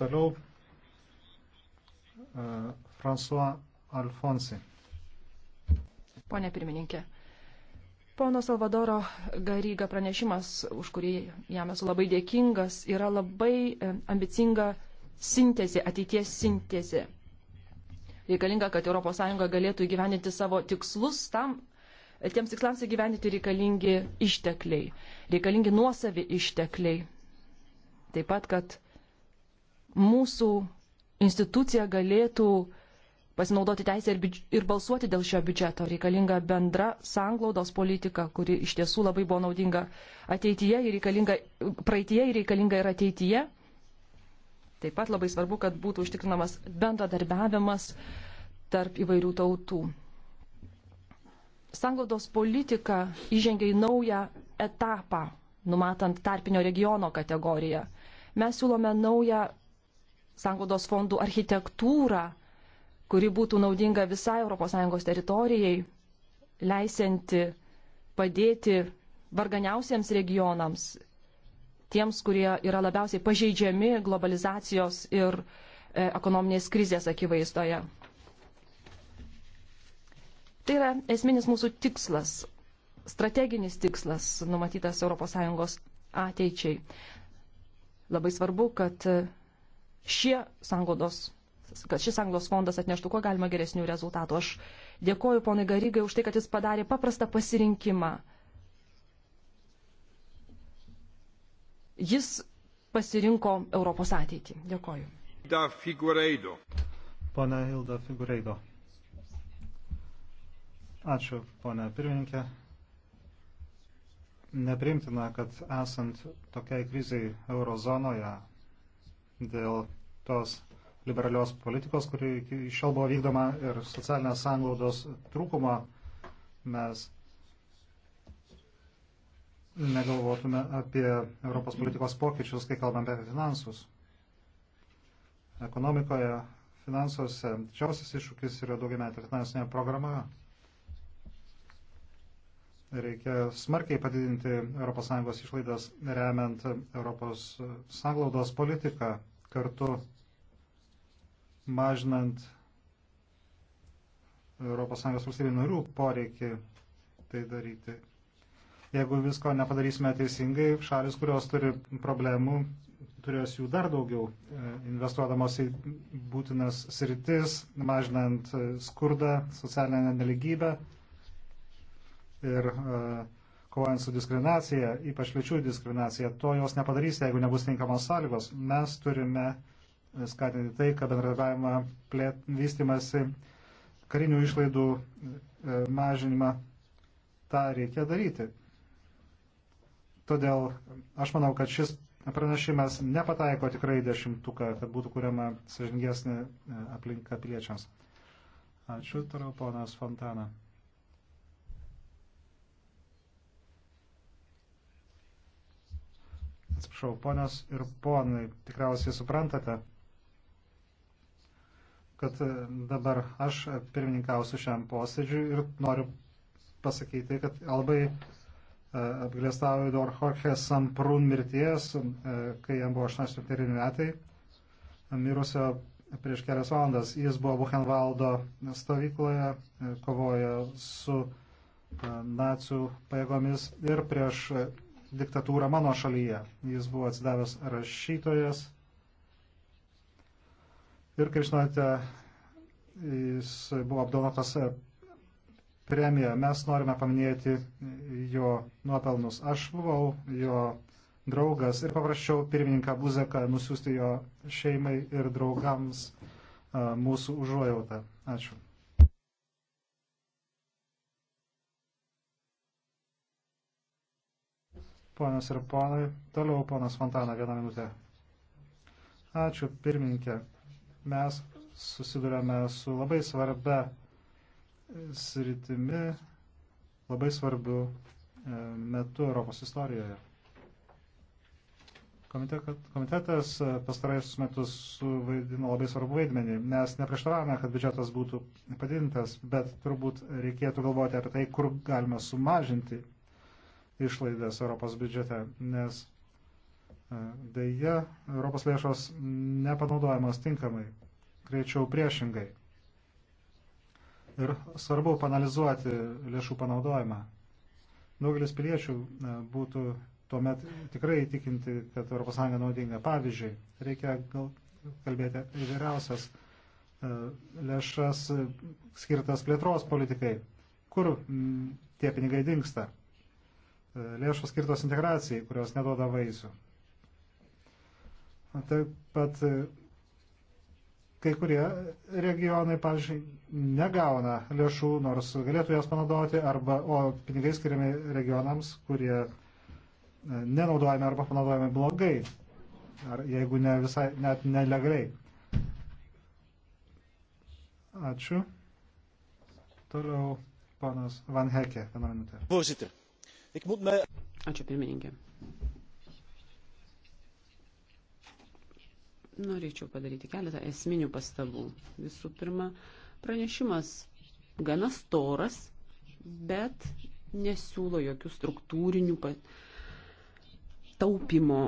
Toliau e, François Alfonsi. Pone pirmininkė, pono Salvadoro Garyga pranešimas, už kurį jam esu labai dėkingas, yra labai e, ambicinga sintezė, ateities sintezė. Reikalinga, kad ES galėtų įgyveninti savo tikslus tam, tiems tikslams įgyveninti reikalingi ištekliai, reikalingi nuosavi ištekliai. Taip pat, kad mūsų institucija galėtų pasinaudoti teisę ir, ir balsuoti dėl šio biudžeto. Reikalinga bendra sanglaudos politika, kuri iš tiesų labai buvo naudinga ateityje ir reikalinga, praeitie ir reikalinga ir ateityje. Taip pat labai svarbu, kad būtų užtikrinamas bendradarbiavimas tarp įvairių tautų. Sanglaudos politika įžengia į naują etapą, numatant tarpinio regiono kategoriją. Mes siūlome naują sanglaudos fondų architektūrą, kuri būtų naudinga visai ES teritorijai, leisianti padėti varganiausiems regionams, tiems, kurie yra labiausiai pažeidžiami globalizacijos ir e, ekonominės krizės akivaizdoje. Tai yra esminis mūsų tikslas, strateginis tikslas numatytas ES ateičiai. Labai svarbu, kad šie sangodos kad šis Anglos fondas atneštų kuo galima geresnių rezultatų. Aš dėkoju ponai Garygai už tai, kad jis padarė paprastą pasirinkimą. Jis pasirinko Europos ateitį. Dėkoju. Hilda Figureido. Pana Hilda Figureido. Ačiū, ponia pirmininkė. Nepriimtina, kad esant tokiai kriziai eurozonoje dėl tos liberalios politikos, kuri iki šiol buvo vykdoma ir socialinės sanglaudos trūkumo, mes negalvotume apie Europos politikos pokyčius, kai kalbame apie finansus. Ekonomikoje, finansuose didžiausias iššūkis yra daugiametė finansinė programa. Reikia smarkiai padidinti ES išlaidas remiant Europos sanglaudos politiką kartu mažinant ES valstybių narių poreikį tai daryti. Jeigu visko nepadarysime teisingai, šalis, kurios turi problemų, turės jų dar daugiau, e, investuodamos į būtinas sritis, mažinant e, skurdą, socialinę neligybę ir uh, kovojant su diskriminacija, ypač lyčių diskriminacija. To jos nepadarysite, jeigu nebus tinkamos sąlygos. Mes turime skatinti tai, kad bendradarbiavimą plėt, vystimasi karinių išlaidų e, mažinimą. Ta reikia daryti. Todėl aš manau, kad šis pranešimas nepataiko tikrai dešimtuką, kad būtų kuriama sažingesnė e, aplinka piliečiams. Ačiū, toliau ponas Fontana. Atsiprašau, ponios ir ponai, tikriausiai suprantate, kad e, dabar aš pirmininkausiu šiam posėdžiui ir noriu pasakyti, kad labai e, apgalėstauju dėl Jorge Samprun mirties, e, kai jam buvo 84 metai, mirusio prieš kelias valandas. Jis buvo Buchenvaldo stovykloje, kovojo su nacių pajėgomis ir prieš diktatūrą mano šalyje. Jis buvo atsidavęs rašytojas. Ir, kaip žinote, jis buvo apdovanotas premija. Mes norime paminėti jo nuopelnus. Aš buvau jo draugas ir paprašiau pirmininką Buzeką nusiųsti jo šeimai ir draugams mūsų užuojautą. Ačiū. ponios ir ponai. Toliau ponas Fontana, vieną minutę. Ačiū, pirmininkė. Mes susidurėme su labai svarbia e, sritimi, labai svarbiu e, metu Europos istorijoje. Komitetas e, pastarajus metus suvaidino labai svarbu vaidmenį. Mes neprieštaravome, kad biudžetas būtų padidintas, bet turbūt reikėtų galvoti apie tai, kur galime sumažinti išlaidas Europos biudžete, nes e, dėja Europos lėšos nepanaudojamos tinkamai, greičiau priešingai. Ir svarbu panalizuoti lėšų panaudojimą. Daugelis piliečių e, būtų tuomet tikrai įtikinti, kad ES naudinga. Pavyzdžiui, reikia gal kalbėti įvairiausias e, lėšas skirtas plėtros politikai. Kur tie pinigai dinksta? E, lėšos skirtos integracijai, kurios neduoda vaisių. Taip pat e, kai kurie regionai, pavyzdžiui, negauna lėšų, nors galėtų jas panaudoti, arba, o pinigai skiriami regionams, kurie e, nenaudojami arba panaudojami blogai, ar jeigu ne visai, net nelegaliai. Ačiū. Toliau ponas Van Hekė, vieną minutę. Voorzitter, Ačiū pirmininkė. Norėčiau padaryti keletą esminių pastabų. Visų pirma, pranešimas gana storas, bet nesiūlo jokių struktūrinių taupimo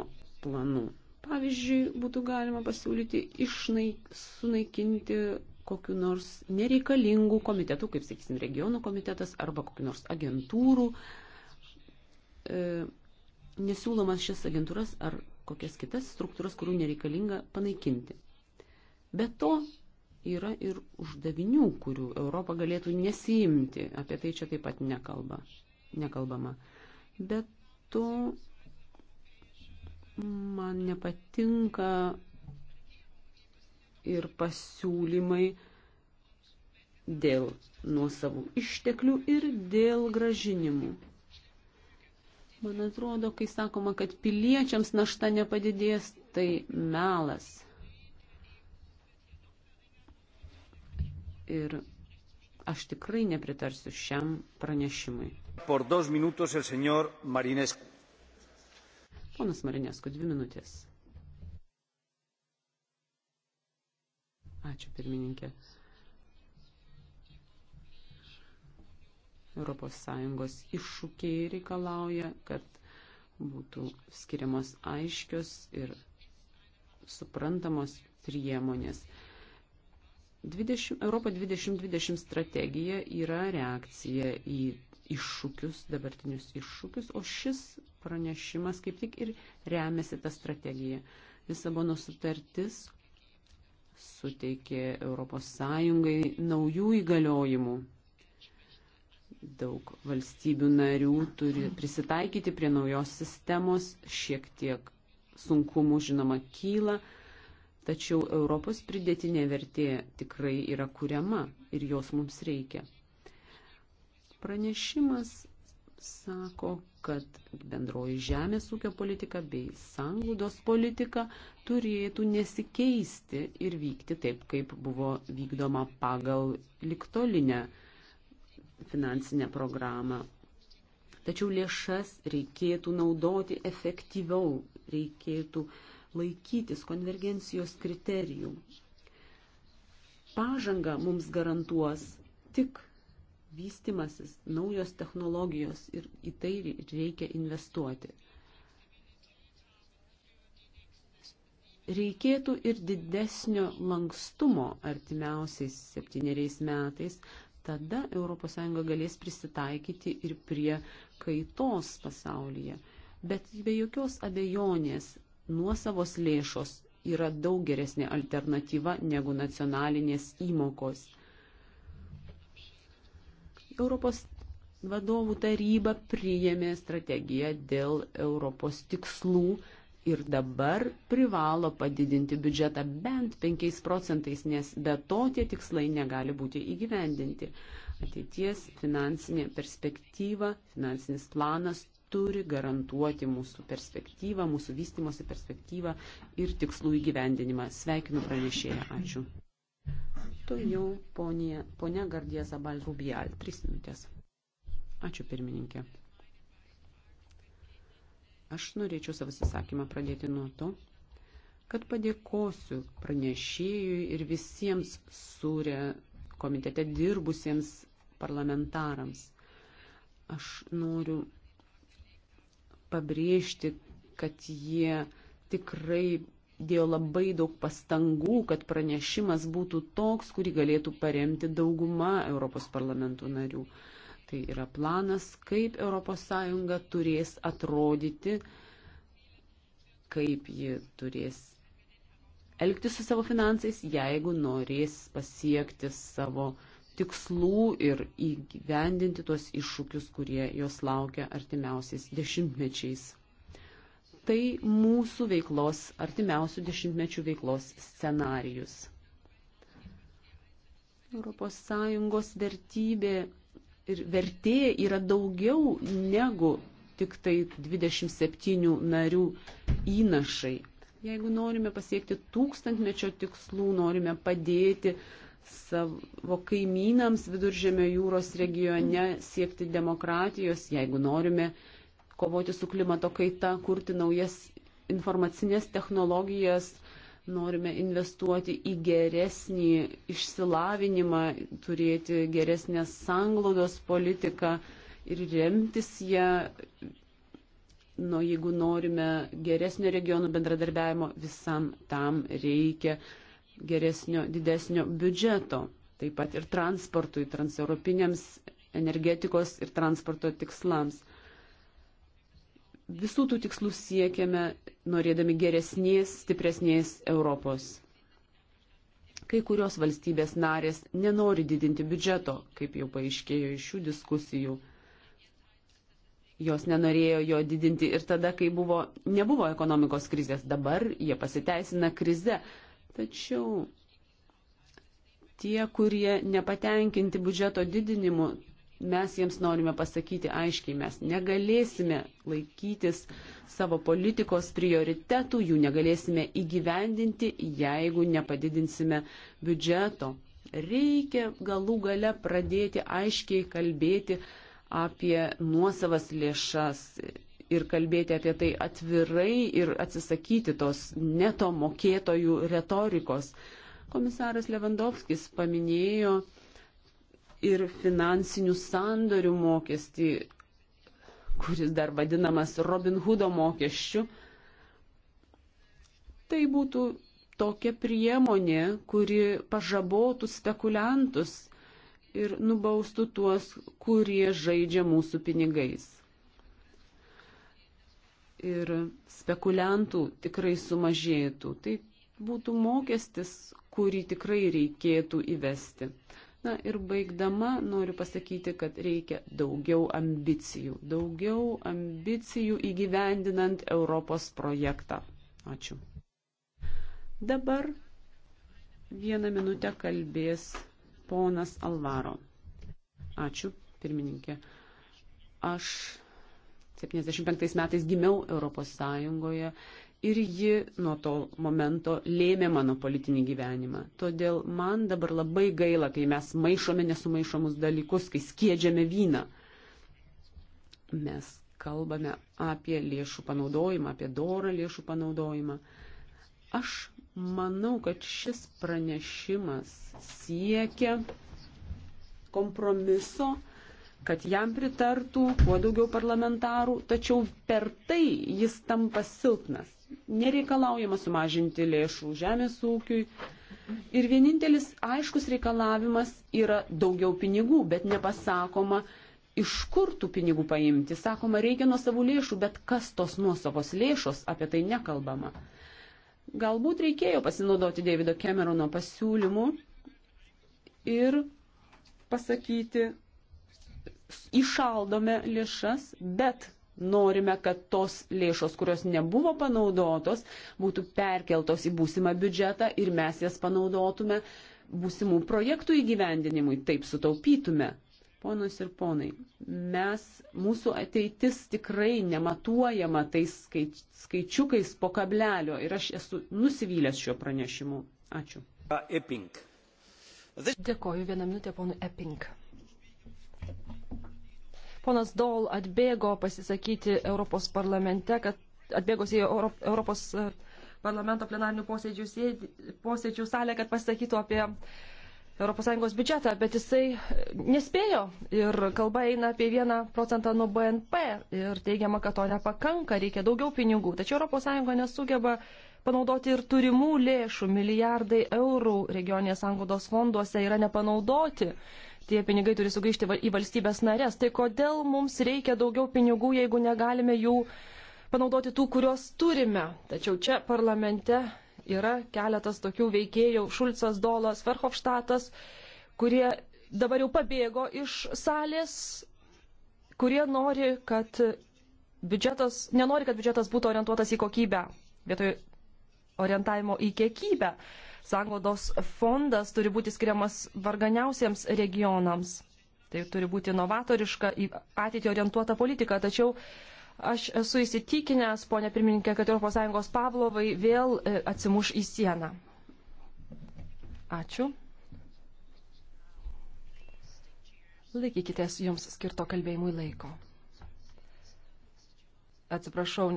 planų. Pavyzdžiui, būtų galima pasiūlyti išnaik, sunaikinti kokiu nors nereikalingų komitetų, kaip sakysim, regionų komitetas arba kokiu nors agentūrų E, nesiūlomas šias agentūras ar kokias kitas struktūras, kurių nereikalinga panaikinti. Be to yra ir uždavinių, kurių Europa galėtų nesiimti, apie tai čia taip pat nekalba, nekalbama. Bet to man nepatinka ir pasiūlymai dėl nuosavų išteklių ir dėl gražinimų. Man atrodo, kai sakoma, kad piliečiams našta nepadidės, tai melas. Ir aš tikrai nepritarsiu šiam pranešimui. Por dos minutos el señor Marinescu. Ponas Marinescu, dvi minutės. Ačiū, pirmininkė. ES iššūkiai reikalauja, kad būtų skiriamos aiškios ir suprantamos priemonės. 20, Europa 2020 strategija yra reakcija į iššūkius, dabartinius iššūkius, o šis pranešimas kaip tik ir remiasi tą strategiją. Lisabono sutartis suteikė ES naujų įgaliojimų Daug valstybių narių turi prisitaikyti prie naujos sistemos, šiek tiek sunkumų žinoma kyla, tačiau Europos pridėtinė vertė tikrai yra kuriama ir jos mums reikia. Pranešimas sako, kad bendroji žemės ūkio politika bei sanglaudos politika turėtų nesikeisti ir vykti taip, kaip buvo vykdoma pagal liktolinę finansinę programą. Tačiau lėšas reikėtų naudoti efektyviau, reikėtų laikytis konvergencijos kriterijų. Pažanga mums garantuos tik vystimasis, naujos technologijos ir į tai reikia investuoti. Reikėtų ir didesnio lankstumo artimiausiais septyneriais metais, Tada ES galės prisitaikyti ir prie kaitos pasaulyje. Bet be jokios abejonės nuosavos lėšos yra daug geresnė alternatyva negu nacionalinės įmokos. Europos vadovų taryba priėmė strategiją dėl Europos tikslų ir dabar privalo padidinti biudžetą bent 5 procentais, nes be to tie tikslai negali būti įgyvendinti. Ateities finansinė perspektyva, finansinis planas turi garantuoti mūsų perspektyvą, mūsų vystimosi perspektyvą ir tikslų įgyvendinimą. Sveikinu pranešėją. Ačiū. Toliau ponia, ponia Gardija Zabal Rubijal. Tris minutės. Ačiū pirmininkė. Aš norėčiau savo įsisakymą pradėti nuo to, kad padėkosiu pranešėjui ir visiems surė komitete dirbusiems parlamentarams. Aš noriu pabrėžti, kad jie tikrai dėjo labai daug pastangų, kad pranešimas būtų toks, kurį galėtų paremti dauguma Europos parlamento narių. Tai yra planas, kaip ES turės atrodyti, kaip ji turės elgtis su savo finansais, jeigu norės pasiekti savo tikslų ir įgyvendinti tuos iššūkius, kurie jos laukia artimiausiais dešimtmečiais. Tai mūsų veiklos, artimiausių dešimtmečių veiklos scenarijus. ES vertybė ir vertė yra daugiau negu tik tai 27 narių įnašai. Jeigu norime pasiekti tūkstantmečio tikslų, norime padėti savo kaimynams viduržėmio jūros regione siekti demokratijos, jeigu norime kovoti su klimato kaita, kurti naujas informacinės technologijas, norime investuoti į geresnį išsilavinimą, turėti geresnę sanglaudos politiką ir remtis ją. Nu, jeigu norime geresnio regionų bendradarbiavimo, visam tam reikia geresnio, didesnio biudžeto. Taip pat ir transportui, transeuropiniams energetikos ir transporto tikslams. Visų tų tikslų siekiame, norėdami geresnės, stipresnės Europos. Kai kurios valstybės narės nenori didinti biudžeto, kaip jau paaiškėjo iš šių diskusijų. Jos nenorėjo jo didinti ir tada, kai buvo, nebuvo ekonomikos krizės, dabar jie pasiteisina krize. Tačiau tie, kurie nepatenkinti biudžeto didinimu, Mes jiems norime pasakyti aiškiai, mes negalėsime laikytis savo politikos prioritetų, jų negalėsime įgyvendinti, jeigu nepadidinsime biudžeto. Reikia galų gale pradėti aiškiai kalbėti apie nuosavas lėšas ir kalbėti apie tai atvirai ir atsisakyti tos neto mokėtojų retorikos. Komisaras Levandovskis paminėjo ir finansinių sandorių mokestį, kuris dar vadinamas Robin Hoodo mokesčiu. Tai būtų tokia priemonė, kuri pažabotų spekuliantus ir nubaustų tuos, kurie žaidžia mūsų pinigais. Ir spekuliantų tikrai sumažėtų. Tai būtų mokestis, kurį tikrai reikėtų įvesti. Na ir baigdama noriu pasakyti, kad reikia daugiau ambicijų, daugiau ambicijų įgyvendinant Europos projektą. Ačiū. Dabar vieną minutę kalbės ponas Alvaro. Ačiū, pirmininkė. Aš 75 metais gimiau Europos Sąjungoje ir ji nuo to momento lėmė mano politinį gyvenimą. Todėl man dabar labai gaila, kai mes maišome nesumaišomus dalykus, kai skiedžiame vyną. Mes kalbame apie lėšų panaudojimą, apie dorą lėšų panaudojimą. Aš manau, kad šis pranešimas siekia kompromiso, kad jam pritartų kuo daugiau parlamentarų, tačiau per tai jis tampa silpnas nereikalaujama sumažinti lėšų žemės ūkiui. Ir vienintelis aiškus reikalavimas yra daugiau pinigų, bet nepasakoma, iš kur tų pinigų paimti. Sakoma, reikia nuo savų lėšų, bet kas tos nuosavos lėšos, apie tai nekalbama. Galbūt reikėjo pasinaudoti Davido Camerono pasiūlymu ir pasakyti, išaldome lėšas, bet Norime, kad tos lėšos, kurios nebuvo panaudotos, būtų perkeltos į būsimą biudžetą ir mes jas panaudotume būsimų projektų įgyvendinimui, taip sutaupytume. Ponos ir ponai, mes, mūsų ateitis tikrai nematuojama tais skaičiukais po kablelio ir aš esu nusivylęs šiuo pranešimu. Ačiū. Dėkoju vieną minutę, ponu Epping. Ponas Dol atbėgo pasisakyti Europos parlamente, kad atbėgos į Europos e, parlamento plenarinių posėdžių, posėdžių salę, kad pasakytų apie ES biudžetą, bet jisai e, nespėjo ir kalba eina apie 1 procentą nuo BNP ir teigiama, kad to nepakanka, reikia daugiau pinigų. Tačiau ES nesugeba panaudoti ir turimų lėšų, milijardai eurų regioninės anglodos fonduose yra nepanaudoti tie pinigai turi sugrįžti į valstybės narės. Tai kodėl mums reikia daugiau pinigų, jeigu negalime jų panaudoti tų, kuriuos turime? Tačiau čia parlamente yra keletas tokių veikėjų - Šulcas, Dolas, Verhofštatas, kurie dabar jau pabėgo iš salės, kurie nori, kad biudžetas, nenori, kad biudžetas būtų orientuotas į kokybę, vietoj orientavimo į kiekybę sanglaudos fondas turi būti skiriamas varganiausiems regionams. Tai turi būti novatoriška, į ateitį orientuota politika. Tačiau aš esu įsitikinęs, ponė pirmininkė, kad ES Pavlovai vėl e, atsimuš į sieną. Ačiū. Laikykitės jums skirto kalbėjimui laiko. Atsiprašau,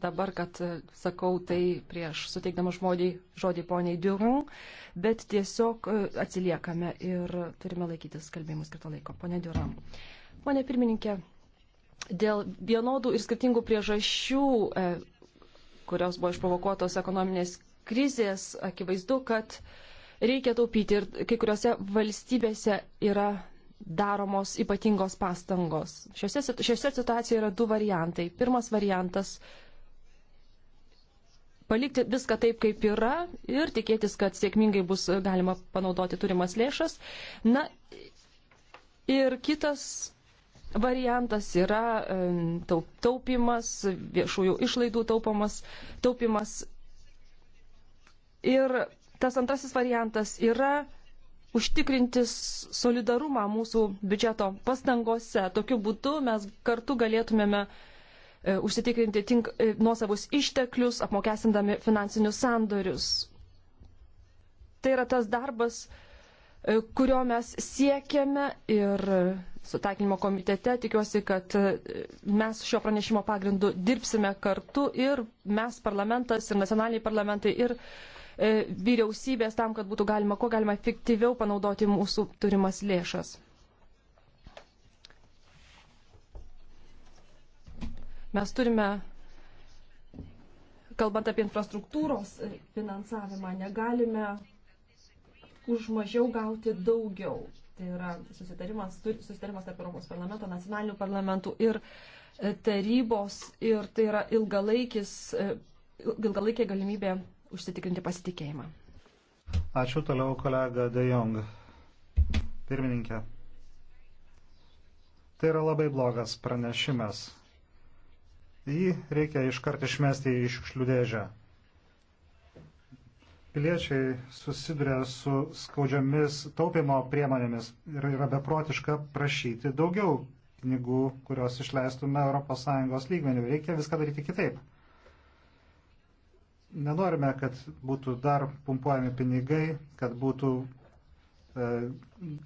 dabar, kad e, sakau tai prieš suteikdama žodį, žodį poniai Durun, bet tiesiog e, atsiliekame ir turime laikytis kalbėjimus skirto laiko. Pone Durun. Pone pirmininkė, dėl vienodų ir skirtingų priežasčių, e, kurios buvo išprovokuotos ekonominės krizės, akivaizdu, kad reikia taupyti ir kai kuriuose valstybėse yra daromos ypatingos pastangos. Šiose, šiose situacijoje yra du variantai. Pirmas variantas palikti viską taip, kaip yra ir tikėtis, kad sėkmingai bus galima panaudoti turimas lėšas. Na ir kitas variantas yra taupimas, viešųjų išlaidų taupamas, taupimas. Ir tas antrasis variantas yra užtikrinti solidarumą mūsų biudžeto pastangose. Tokiu būdu mes kartu galėtumėme uh, E, užsitikrinti tink, e, nuosavus išteklius, apmokestindami finansinius sandorius. Tai yra tas darbas, e, kurio mes siekiame ir sutaikinimo komitete tikiuosi, kad mes šio pranešimo pagrindu dirbsime kartu ir mes parlamentas ir nacionaliniai parlamentai ir vyriausybės tam, kad būtų galima, kuo galima efektyviau panaudoti mūsų turimas lėšas. Mes turime, kalbant apie infrastruktūros finansavimą, negalime už mažiau gauti daugiau. Tai yra susitarimas, susitarimas tarp Europos parlamento, nacionalinių parlamentų ir e, tarybos ir tai yra ilgalaikis, e, ilgalaikė galimybė užsitikrinti pasitikėjimą. Ačiū toliau kolega De Jong, pirmininkė. Tai yra labai blogas pranešimas jį reikia iškart išmesti į šiukšlių dėžę. Piliečiai susiduria su skaudžiamis taupimo priemonėmis ir yra beprotiška prašyti daugiau pinigų, kurios išleistume ES lygmenių. Reikia viską daryti kitaip. Nenorime, kad būtų dar pumpuojami pinigai, kad būtų e,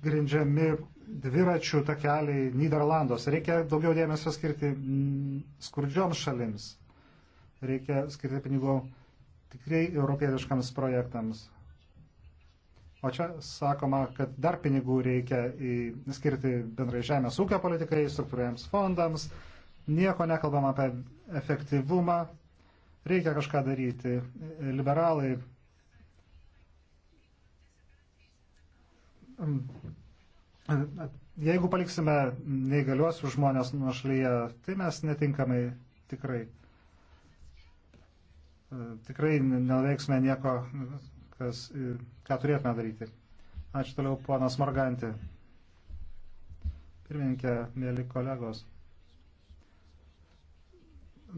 grindžiami dviračių takeliai Niderlandos. Reikia daugiau dėmesio skirti mm, skurdžioms šalims. Reikia skirti pinigų tikrai europietiškams projektams. O čia sakoma, kad dar pinigų reikia į, skirti bendrai žemės ūkio politikai, struktūriems fondams. Nieko nekalbam apie efektyvumą. Reikia kažką daryti. Liberalai mm, Jeigu paliksime neįgaliuosius žmonės nuo šalyje, tai mes netinkamai tikrai, e, tikrai neveiksime nieko, kas, e, ką turėtume daryti. Ačiū toliau, ponas Morganti. Pirmininkė, mėly kolegos.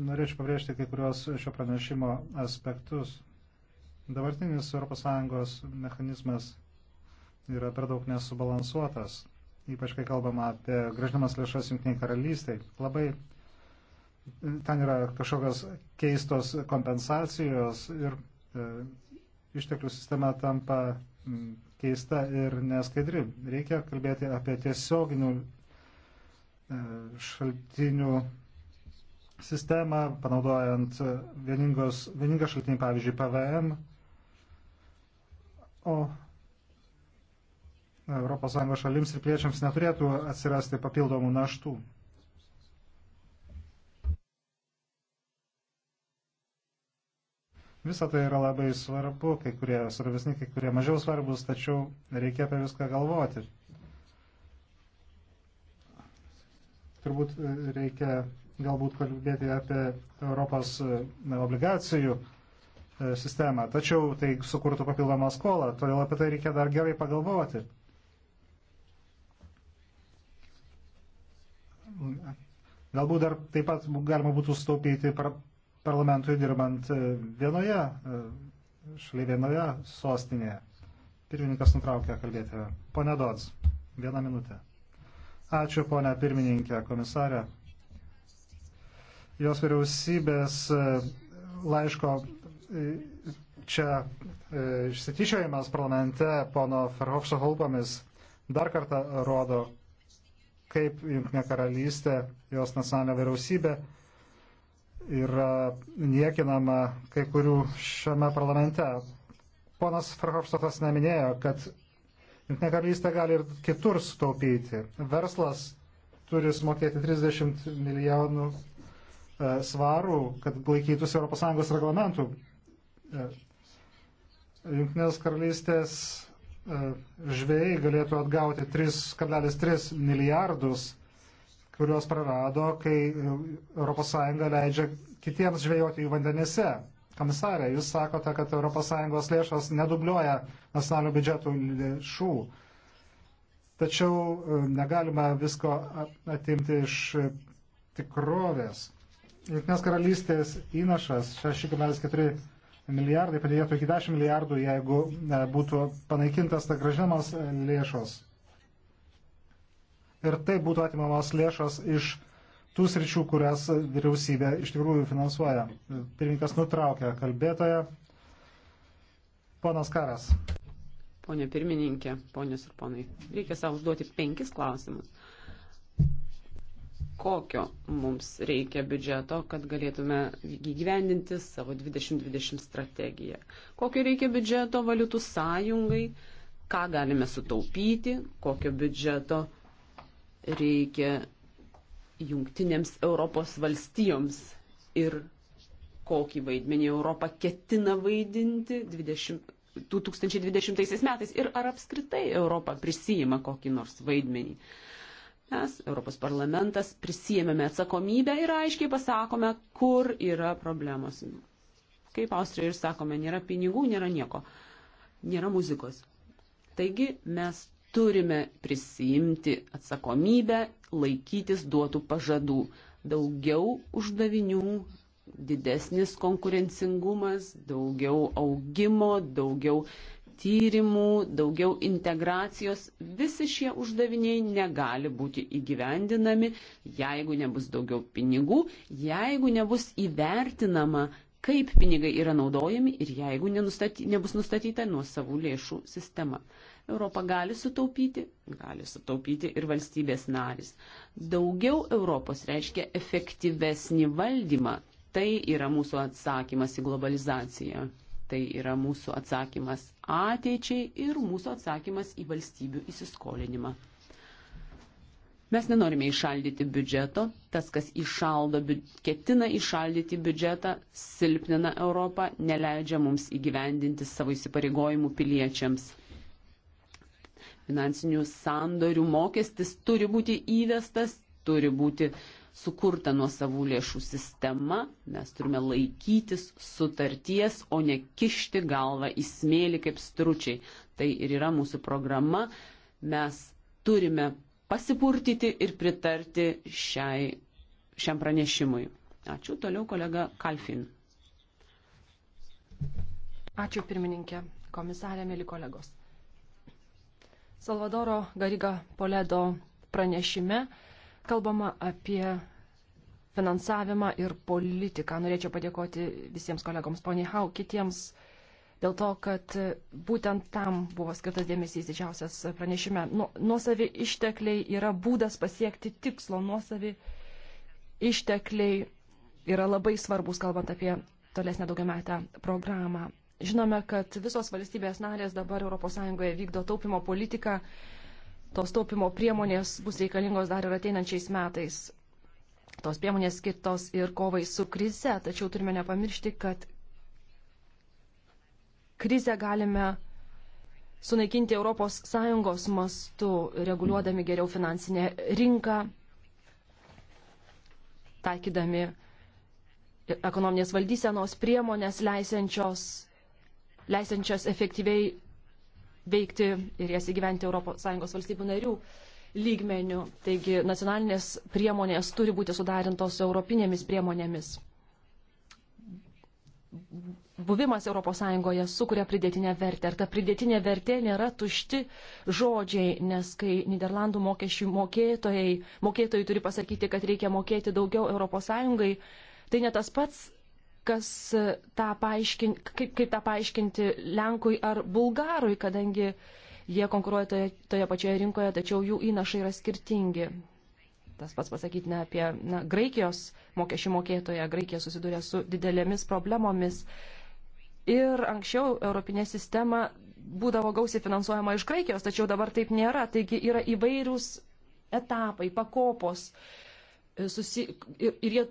Norėčiau pabrėžti kai kurios šio pranešimo aspektus. Dabartinis ES mechanizmas yra per daug nesubalansuotas, ypač kai kalbama apie gražinamas lėšas Junktiniai karalystiai. Labai ten yra kažkokios keistos kompensacijos ir e, išteklių sistema tampa keista ir neskaidri. Reikia kalbėti apie tiesioginių e, šaltinių sistemą, panaudojant vieningos, vieningą šaltinį, pavyzdžiui, PVM. O ES šalims ir priečiams neturėtų atsirasti papildomų naštų. Visą tai yra labai svarbu, kai kurie svarbesni, kai kurie mažiau svarbus, tačiau reikia apie viską galvoti. Turbūt e, reikia galbūt kalbėti apie Europos e, obligacijų e, sistemą, tačiau tai sukurtų papildomą skolą, todėl apie tai reikia dar gerai pagalvoti. Galbūt dar taip pat galima būtų sutaupyti par, parlamentui dirbant e, vienoje, e, šalia vienoje sostinėje. Pirmininkas nutraukė kalbėti. Pone Dots, vieną minutę. Ačiū, ponia pirmininkė, komisarė. Jos vyriausybės e, laiško čia išsityčiojimas parlamente pono Ferhofso holbomis dar kartą rodo, kaip Junktinė karalystė, jos nacionalinė vyriausybė yra niekinama kai kurių šiame parlamente. Ponas Ferhofštatas neminėjo, kad Junktinė karalystė gali ir kitur sutaupyti. Verslas turi sumokėti 30 milijonų e, svarų, kad laikytųsi ES reglamentų. E, Junktinės karalystės E, žvėjai galėtų atgauti 3,3 milijardus, kuriuos prarado, kai ES leidžia kitiems žvėjoti jų vandenėse. Komisarė, jūs sakote, kad ES lėšos nedubliuoja nacionalinių biudžetų lėšų. Tačiau e, negalima visko atimti iš tikrovės. Jungtinės karalystės įnašas 6,4 milijardai padidėtų iki 10 milijardų, jeigu e, būtų panaikintas ta gražinamas e, lėšos. Ir tai būtų atimamos lėšos iš tų sričių, kurias vyriausybė iš tikrųjų finansuoja. Pirmininkas nutraukė kalbėtoją. Ponas Karas. Pone pirmininkė, ponios ir ponai, reikia savo užduoti penkis klausimus kokio mums reikia biudžeto, kad galėtume gyvendinti savo 2020 strategiją. Kokio reikia biudžeto valiutų sąjungai, ką galime sutaupyti, kokio biudžeto reikia jungtinėms Europos valstijoms ir kokį vaidmenį Europą ketina vaidinti 20, 2020 metais ir ar apskritai Europa prisijima kokį nors vaidmenį. Mes, Europos parlamentas, prisijėmėme atsakomybę ir aiškiai pasakome, kur yra problemos. Kaip Austrija ir sakome, nėra pinigų, nėra nieko, nėra muzikos. Taigi mes turime prisijimti atsakomybę, laikytis duotų pažadų. Daugiau uždavinių, didesnis konkurencingumas, daugiau augimo, daugiau tyrimų, daugiau integracijos, visi šie uždaviniai negali būti įgyvendinami, jeigu nebus daugiau pinigų, jeigu nebus įvertinama, kaip pinigai yra naudojami ir jeigu nenustaty, nebus nustatyta nuo savų lėšų sistema. Europa gali sutaupyti, gali sutaupyti ir valstybės narys. Daugiau Europos reiškia efektyvesnį valdymą. Tai yra mūsų atsakymas į globalizaciją. Tai yra mūsų atsakymas ateičiai ir mūsų atsakymas į valstybių įsiskolinimą. Mes nenorime išaldyti biudžeto. Tas, kas išaldo, ketina išaldyti biudžetą, silpnina Europą, neleidžia mums įgyvendinti savo įsipareigojimų piliečiams. Finansinių sandorių mokestis turi būti įvestas, turi būti uh, sukurta nuo savų lėšų sistema, mes turime laikytis sutarties, o ne kišti galvą į smėlį kaip stručiai. Tai ir yra mūsų programa. Mes turime pasipurtyti ir pritarti šiai, šiam pranešimui. Ačiū toliau kolega Kalfin. Ačiū pirmininkė, komisarė, mėly kolegos. Salvadoro Gariga Poledo pranešime Kalbama apie finansavimą ir politiką. Norėčiau padėkoti visiems kolegoms, poniai Hau, kitiems, dėl to, kad būtent tam buvo skirtas dėmesys didžiausias pranešime. Nu, nuosavi ištekliai yra būdas pasiekti tikslo. Nuosavi ištekliai yra labai svarbus, kalbant apie tolesnę daugiametę programą. Žinome, kad visos valstybės narės dabar ES vykdo taupimo politiką tos taupimo priemonės bus reikalingos dar ir ateinančiais metais. Tos priemonės skirtos ir kovai su krize, tačiau turime nepamiršti, kad krizę galime sunaikinti ES mastu, reguliuodami geriau finansinę rinką, taikydami ekonominės valdysenos priemonės leisiančios, leisiančios efektyviai veikti ir jas įgyventi ES valstybių narių lygmenių. Taigi nacionalinės priemonės turi būti sudarintos europinėmis priemonėmis. Buvimas ES sukuria pridėtinę vertę. Ar ta pridėtinė vertė nėra tušti žodžiai, nes kai Niderlandų mokesčių mokėtojai, mokėtojai turi pasakyti, kad reikia mokėti daugiau ES, tai ne tas pats kas e, tą paaiškin, kaip, kaip tą paaiškinti Lenkui ar Bulgarui, kadangi jie konkuruoja toje, toje pačioje rinkoje, tačiau jų įnašai yra skirtingi. Tas pats pasakyti ne apie na, Graikijos mokesčių mokėtoją. Graikija susiduria su didelėmis problemomis. Ir anksčiau Europinė sistema būdavo gausiai finansuojama iš Graikijos, tačiau dabar taip nėra. Taigi yra įvairūs etapai, pakopos. E, susi... Ir, ir jie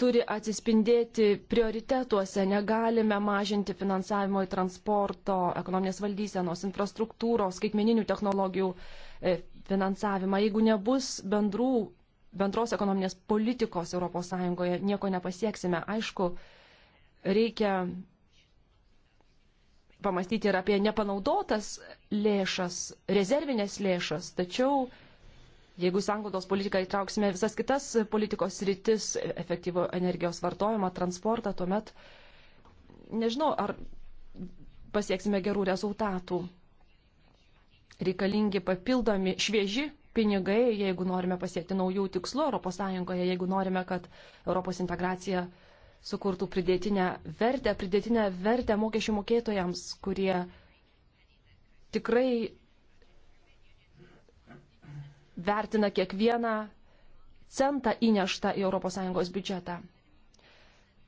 turi atsispindėti prioritetuose, negalime mažinti finansavimo į transporto, ekonominės valdysenos, infrastruktūros, skaitmeninių technologijų e, finansavimą. Jeigu nebus bendrų, bendros ekonominės politikos ES, nieko nepasieksime. Aišku, reikia pamastyti ir apie nepanaudotas lėšas, rezervinės lėšas, tačiau Jeigu sanglaudos politiką įtrauksime visas kitas politikos rytis, efektyvo energijos vartojimą, transportą, tuomet nežinau, ar pasieksime gerų rezultatų. Reikalingi papildomi švieži pinigai, jeigu norime pasiekti naujų tikslų ES, jeigu norime, kad Europos integracija sukurtų pridėtinę vertę, pridėtinę vertę mokesčių mokėtojams, kurie tikrai vertina kiekvieną centą įneštą į ES biudžetą.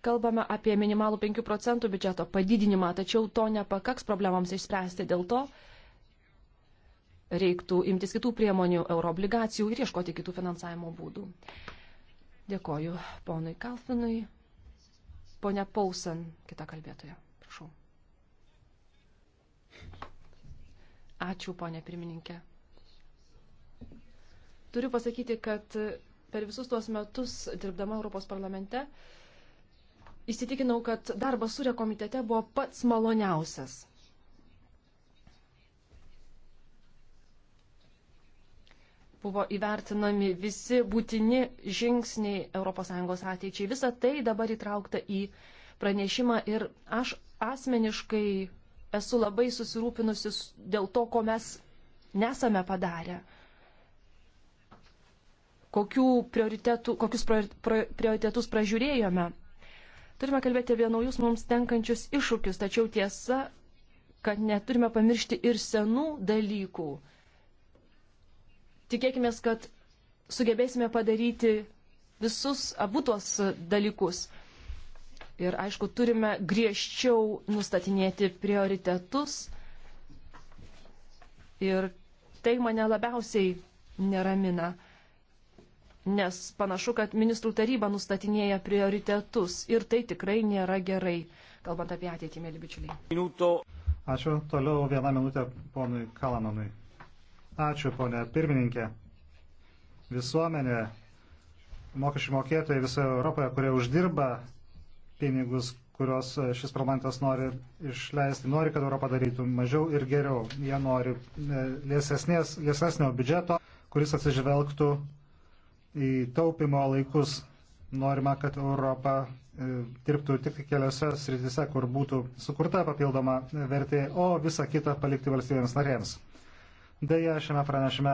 Kalbame apie minimalų 5 procentų biudžeto padidinimą, tačiau to nepakaks problemams išspręsti. Dėl to reiktų imtis kitų priemonių, euroobligacijų ir ieškoti kitų finansavimo būdų. Dėkoju ponui Kalfinui. Pone Pausan, kita kalbėtoja. Prašau. Ačiū, ponė pirmininkė turiu pasakyti, kad per visus tuos metus dirbdama Europos parlamente įsitikinau, kad darbas surė komitete buvo pats maloniausias. Buvo įvertinami visi būtini žingsniai ES ateičiai. Visa tai dabar įtraukta į pranešimą ir aš asmeniškai esu labai susirūpinusi dėl to, ko mes nesame padarę prioritetų, kokius prioritetus pražiūrėjome. Turime kalbėti apie naujus mums tenkančius iššūkius, tačiau tiesa, kad neturime pamiršti ir senų dalykų. Tikėkime, kad sugebėsime padaryti visus abu tuos dalykus. Ir aišku, turime griežčiau nustatinėti prioritetus. Ir tai mane labiausiai neramina nes panašu, kad ministrų taryba nustatinėja prioritetus ir tai tikrai nėra gerai, kalbant apie ateitį, mėly bičiuliai. Minuto. Ačiū. Toliau vieną minutę ponui Kalamanui. Ačiū, ponė pirmininkė. Visuomenė, mokesčių mokėtojai visoje Europoje, kurie uždirba pinigus, kuriuos šis parlamentas nori išleisti, nori, kad Europa darytų mažiau ir geriau. Jie nori e, lėsesnio biudžeto, kuris atsižvelgtų į taupimo laikus. Norima, kad Europa e, dirbtų tik keliose sritise, kur būtų sukurta papildoma vertė, o visą kitą palikti valstybėms narėms. Deja, šiame pranešime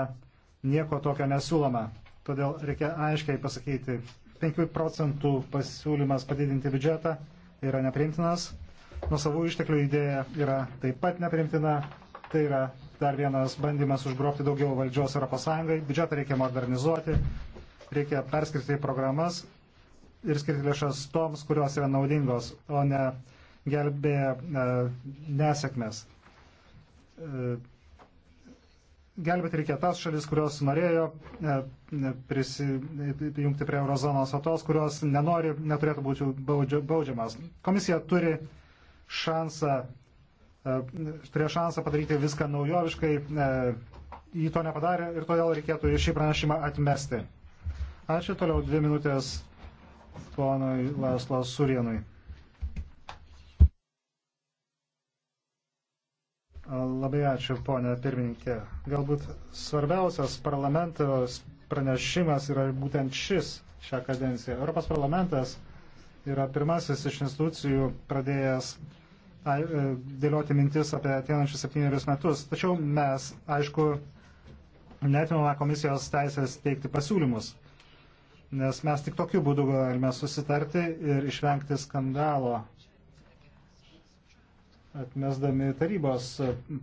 nieko tokio nesiūloma. Todėl reikia aiškiai pasakyti, 5 procentų pasiūlymas padidinti biudžetą yra nepriimtinas, nuo savų išteklių idėja yra taip pat nepriimtina, tai yra dar vienas bandymas užgrobti daugiau valdžios ES, biudžetą reikia modernizuoti, Reikia perskirti programas ir skirti lėšas toms, kurios yra naudingos, o ne gelbė e, nesėkmės. E, gelbėti reikia tas šalis, kurios norėjo e, e prisijungti e, prie eurozonos, o tos, kurios nenori, neturėtų būti baudžia, baudžiamas. Komisija turi šansą, e, turėjo šansą padaryti viską naujoviškai, e, jį to nepadarė ir todėl reikėtų šį pranešimą atmesti. Ačiū toliau dvi minutės ponui Laslas Surienui. Labai ačiū, ponė pirmininkė. Galbūt svarbiausias parlamentos pranešimas yra būtent šis šią kadenciją. Europos parlamentas yra pirmasis iš institucijų pradėjęs e, dėlioti mintis apie ateinančius septynerius metus. Tačiau mes, aišku, netimame komisijos teisės teikti pasiūlymus nes mes tik tokiu būdu galime susitarti ir išvengti skandalo, atmesdami tarybos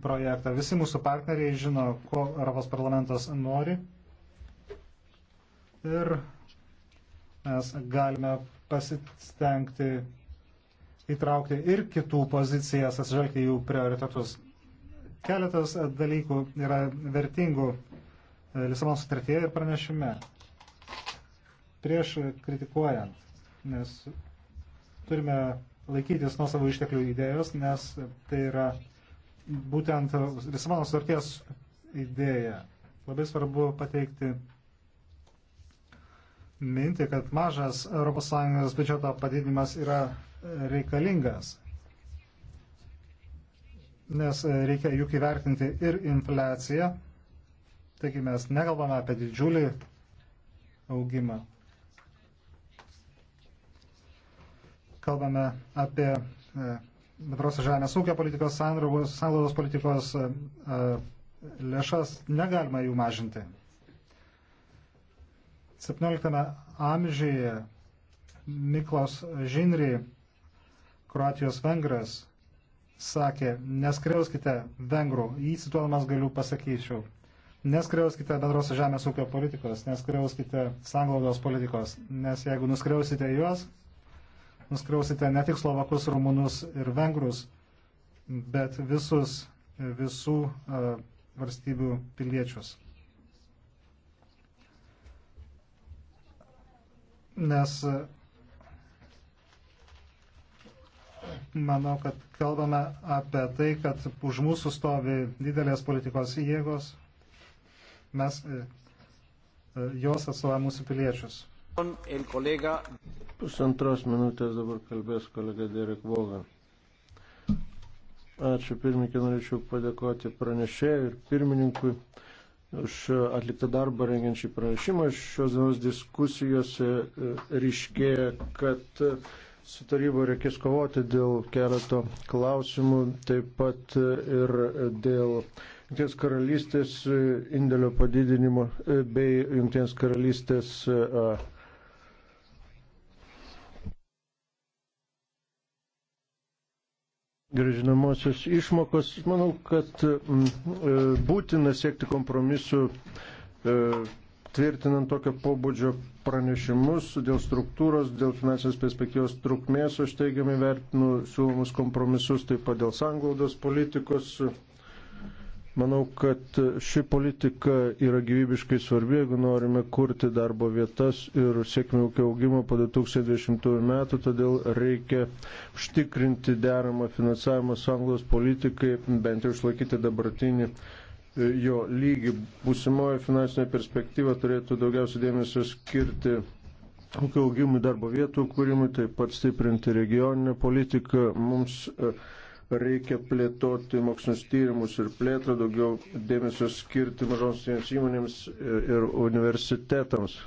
projektą. Visi mūsų partneriai žino, ko Europos parlamentas nori ir mes galime pasistengti įtraukti ir kitų pozicijas, atsižvelgti jų prioritetus. Keletas dalykų yra vertingų Lisabono sutartyje ir pranešime prieš kritikuojant, nes turime laikytis nuo savo išteklių idėjos, nes tai yra būtent Lisabono sutarties idėja. Labai svarbu pateikti mintį, kad mažas ES biudžeto padidinimas yra reikalingas, nes reikia juk įvertinti ir infliaciją, taigi mes nekalbame apie didžiulį augimą. kalbame apie e, bendros žemės ūkio politikos, sanglaudos politikos e, e, lėšas, negalima jų mažinti. 17 amžiuje Miklos Žinry, Kroatijos vengras, sakė, neskriauskite vengrų, jį cituodamas galiu pasakyčiau, neskriauskite bendros žemės ūkio politikos, neskriauskite sanglaudos politikos, nes jeigu nuskriausite juos, nuskriausite ne tik slovakus, rumunus ir vengrus, bet visus, visų e, valstybių piliečius. Nes manau, kad kalbame apie tai, kad už mūsų stovi didelės politikos jėgos, mes e, e, jos atstovauja mūsų piliečius. Kolega... Pusantros minutės dabar kalbės kolega Derek Vogan. Ačiū pirmininkė, norėčiau padėkoti pranešėjui ir pirmininkui už atliktą darbą rengiančią pranešimą. Šios dienos diskusijose e, ryškėja, kad e, su taryba reikės kovoti dėl keleto klausimų, taip pat e, ir dėl Junktinės karalystės indėlio padidinimo bei Junktinės karalystės. Uh, gražinamosios išmokos. Manau, kad mm, e, būtina siekti kompromisu e, tvirtinant tokio pobūdžio pranešimus dėl struktūros, dėl finansinės perspektyvos trukmės, aš teigiamai vertinu siūlomus kompromisus taip pat dėl sanglaudos politikos Manau, kad ši politika yra gyvybiškai svarbi, jeigu norime kurti darbo vietas ir sėkmių ūkio augimo po 2020 metų, todėl reikia užtikrinti deramą finansavimą sąjungos politikai, bent jau išlaikyti dabartinį e, jo lygį. Būsimoji finansinė perspektyva turėtų daugiausiai dėmesio skirti ūkio augimui darbo vietų kūrimui, taip pat stiprinti regioninę politiką. Mums, uh, reikia plėtoti mokslinius tyrimus ir plėtrą, daugiau dėmesio skirti mažoms įmonėms ir universitetams.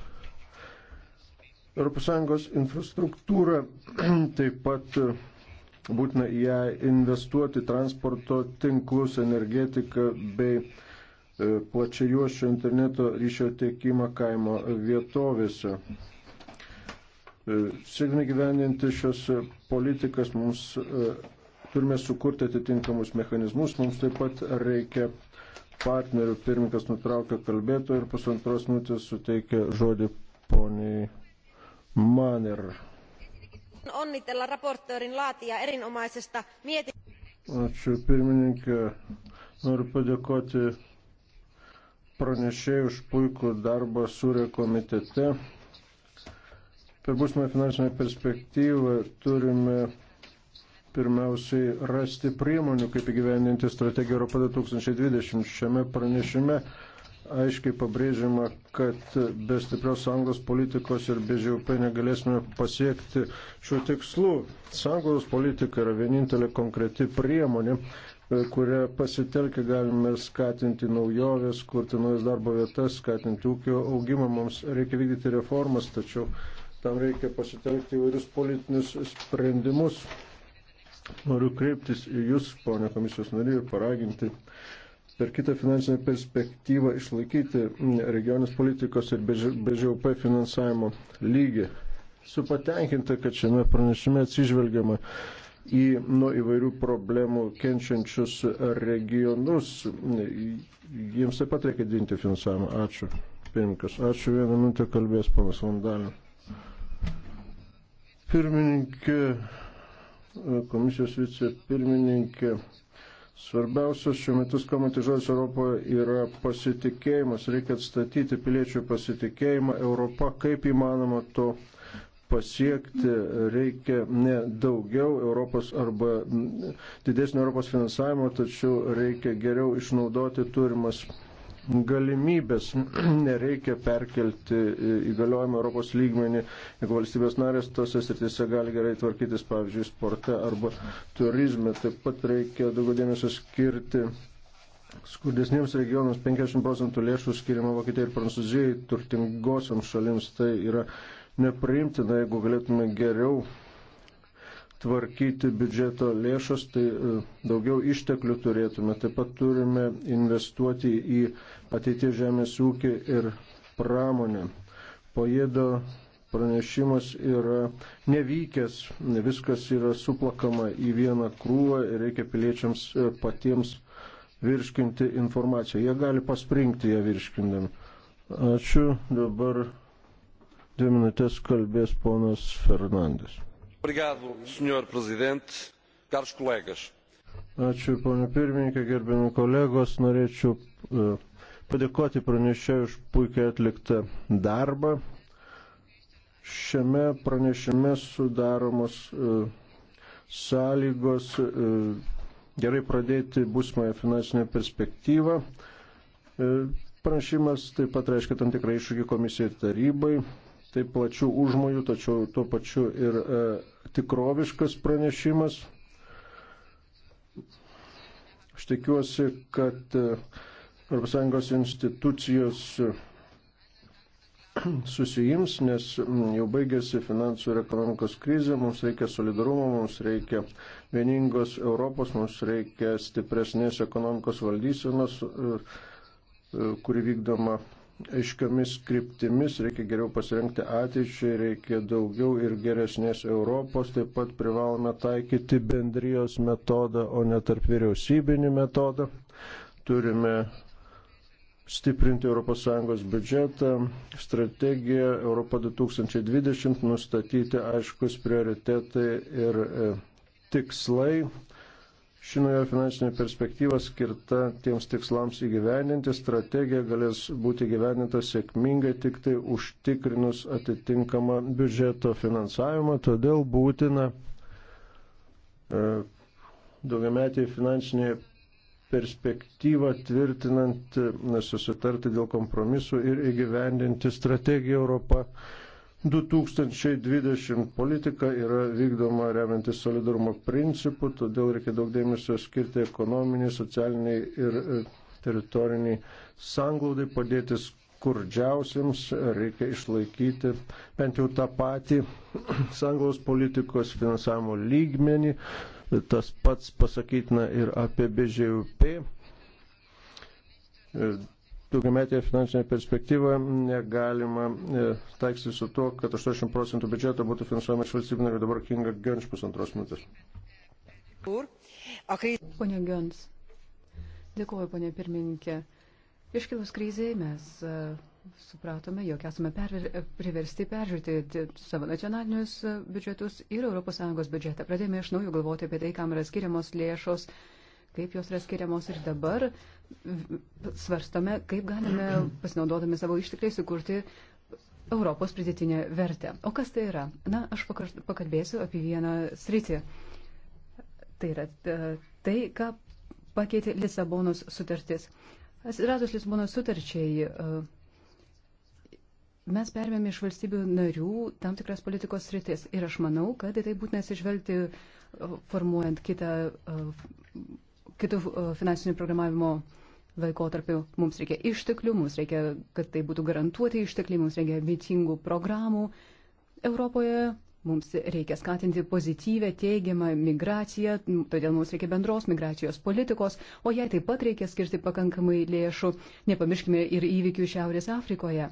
ES infrastruktūra taip pat būtina į ją investuoti transporto tinklus, energetiką bei e, plačia juošio interneto ryšio tiekimą kaimo vietovėse. E, Siekdami gyveninti šios politikas mums e, Turime sukurti atitinkamus mechanizmus, mums taip pat reikia partnerių. Pirmininkas nutraukė kalbėtoją ir pusantros minutės suteikė žodį poniai Maner. Onnitella raportöörin laatia erinomaisesta mietinnöstä. Ačiū pirmininkė. Noriu padėkoti pranešėjai už puikų darbą surė komitete. Per būsimą finansinę perspektyvą turime pirmiausiai rasti priemonių, kaip įgyvendinti strategiją Europą 2020. Šiame pranešime aiškiai pabrėžiama, kad be stiprios sąjungos politikos ir be žiaupė negalėsime pasiekti šių tikslų. Sąjungos politika yra vienintelė konkreti priemonė, kurią pasitelkę galime skatinti naujoves, kurti naujas darbo vietas, skatinti ūkio augimą. Mums reikia vykdyti reformas, tačiau tam reikia pasitelkti įvairius politinius sprendimus. Noriu kreiptis į Jūs, ponė komisijos narį, ir paraginti per kitą finansinę perspektyvą išlaikyti regionės politikos ir BŽUP finansavimo lygį. Supatenkinta, kad šiame pranešime atsižvelgiama į nuo įvairių problemų kenčiančius regionus. Jiems taip pat reikia didinti finansavimą. Ačiū. Pirmininkas. Ačiū. Vieną minutę kalbės panas Vandalė. Pirmininkė komisijos vicepirmininkė. Svarbiausias šiuo metu skambantis žodis Europoje yra pasitikėjimas. Reikia atstatyti piliečių pasitikėjimą Europą, kaip įmanoma to pasiekti reikia ne daugiau Europos arba didesnio Europos finansavimo, tačiau reikia geriau išnaudoti turimas galimybės. Nereikia perkelti įgaliojimą Europos lygmenį, jeigu valstybės narės tose sritise gali gerai tvarkytis, pavyzdžiui, sporte arba turizme. Taip pat reikia daugiau dėmesio skirti skurdesniems regionams 50 procentų lėšų skiriama Vokietijai ir Prancūzijai, turtingosiams šalims tai yra nepriimtina, jeigu galėtume geriau tvarkyti biudžeto lėšas, tai e, daugiau išteklių turėtume. Taip pat turime investuoti į ateitį žemės ūkį ir pramonę. Pojėdo pranešimas yra nevykęs, viskas yra suplakama į vieną krūvą ir reikia piliečiams e, patiems virškinti informaciją. Jie gali paspringti ją virškindami. Ačiū. Dabar dvi minutės kalbės ponas Fernandes. Obrigado, senhor presidente, caros kolegas. Ačiū, ponė pirmininkė, gerbiami kolegos, norėčiau e, padėkoti pranešėjui už puikiai atliktą darbą. Šiame pranešime sudaromos e, sąlygos e, gerai pradėti būsimąją finansinę perspektyvą. Pranešimas taip pat reiškia tam tikrą iššūkį komisijai tarybai, taip plačių užmojų, tačiau tuo pačiu ir tikroviškas pranešimas. Aš tikiuosi, kad e, ES institucijos e, susijims, nes jau baigėsi finansų ir ekonomikos krizė, mums reikia solidarumo, mums reikia vieningos Europos, mums reikia stipresnės ekonomikos valdysenos, e, kuri vykdoma aiškiomis kryptimis, reikia geriau pasirengti ateičiai, reikia daugiau ir geresnės Europos, taip pat privalome taikyti bendrijos metodą, o ne tarp vyriausybinį metodą. Turime stiprinti ES biudžetą, strategiją Europą 2020, nustatyti aiškus prioritetai ir e, tikslai Ši nauja finansinė perspektyva skirta tiems tikslams įgyveninti, strategija galės būti gyveninta sėkmingai tik tai užtikrinus atitinkamą biudžeto finansavimą, todėl būtina e, daugiametį finansinį perspektyvą tvirtinant, susitarti dėl kompromisų ir įgyvendinti strategiją Europą 2020 politika yra vykdoma remiantis solidarumo principu, todėl reikia daug dėmesio skirti ekonominiai, socialiniai ir e, teritoriniai sanglaudai, padėti skurdžiausiams, reikia išlaikyti bent jau tą patį sanglaus politikos finansavimo lygmenį, tas pats pasakytina ir apie BŽUP e, daugiametėje finansinėje perspektyvoje negalima e, taiksti su to, kad 80 procentų biudžeto būtų finansuojama iš valstybinio ir dabar kinga Gönš pusantros minutės. Pone Gönš, dėkuoju, ponė pirmininkė. Iškilus kriziai mes e, supratome, jog esame perver, priversti peržiūrėti savo nacionalinius biudžetus ir ES biudžetą. Pradėjome iš naujo galvoti apie tai, kam yra skiriamos lėšos, kaip jos yra skiriamos ir dabar svarstome, kaip galime pasinaudodami savo ištikliais sukurti Europos pridėtinę vertę. O kas tai yra? Na, aš pakalbėsiu apie vieną sritį. Tai yra tai, ką pakeitė Lisabonos sutartis. Atsiradus Lisabonos sutarčiai, e, mes permėm iš valstybių narių tam tikras politikos sritis. Ir aš manau, kad į tai būtina atsižvelgti e, formuojant kitą e, kitų e, finansinių programavimo laikotarpių mums reikia išteklių, mums reikia, kad tai būtų garantuoti ištekliai, mums reikia ambicingų programų Europoje, mums reikia skatinti pozityvę, teigiamą migraciją, todėl mums reikia bendros migracijos politikos, o jai taip pat reikia skirti pakankamai lėšų, nepamirškime ir įvykių Šiaurės Afrikoje.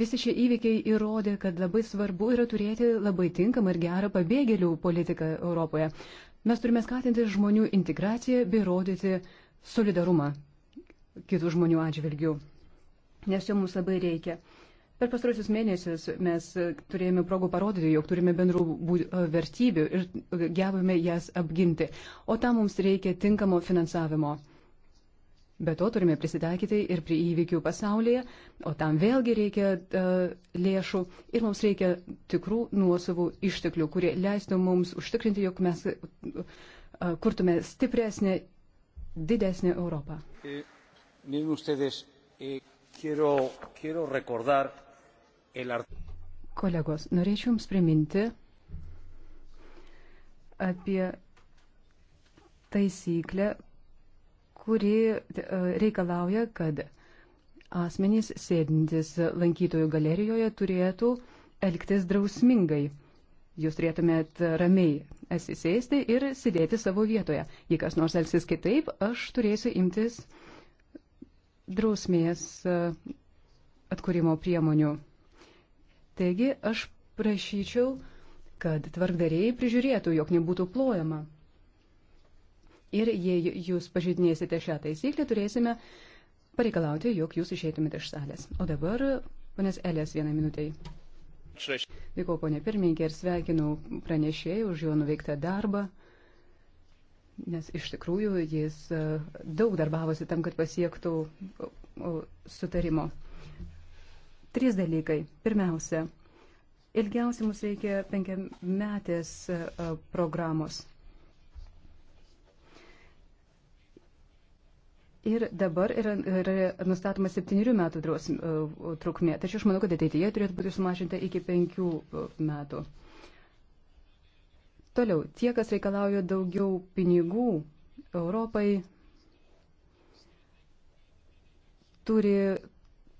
Visi šie įvykiai įrodė, kad labai svarbu yra turėti labai tinkamą ir gerą pabėgėlių politiką Europoje. Mes turime skatinti žmonių integraciją bei rodyti solidarumą kitų žmonių atžvilgių, nes jo mums labai reikia. Per pastarosius mėnesius mes turėjome progų parodyti, jog turime bendrų e, vertybių ir gebame jas apginti, o tam mums reikia tinkamo finansavimo. Be to turime prisitaikyti ir prie įvykių pasaulyje, o tam vėlgi reikia uh, lėšų ir mums reikia tikrų nuosavų išteklių, kurie leistų mums užtikrinti, jog mes uh, kurtume stipresnę, didesnę Europą. Eh, eh, Kolegos, norėčiau Jums priminti apie taisyklę, kuri e, reikalauja, kad asmenys sėdintis lankytojų galerijoje turėtų elgtis drausmingai. Jūs turėtumėt ramiai atsisėsti ir sėdėti savo vietoje. Jei kas nors elgsis kitaip, aš turėsiu imtis drausmės e, atkūrimo priemonių. Taigi aš prašyčiau, kad tvarkdariai prižiūrėtų, jog nebūtų plojama. Ir jei jūs pažydinėsite šią taisyklę, turėsime pareikalauti, jog jūs išeitumėte iš salės. O dabar, ponės Elės, vieną minutę. Dėkuoju, ponė pirmininkė, ir sveikinu pranešėjai už jo nuveiktą darbą, nes iš tikrųjų jis e, daug darbavosi tam, kad pasiektų sutarimo. Trys dalykai. Pirmiausia, ilgiausiai mums reikia penkiametės e, programos. Ir dabar yra, yra nustatoma septyniarių metų draus, uh, trukmė, tačiau aš manau, kad ateityje turėtų būti sumažinta iki penkių e, metų. Toliau, tie, kas reikalauja daugiau pinigų Europai, turi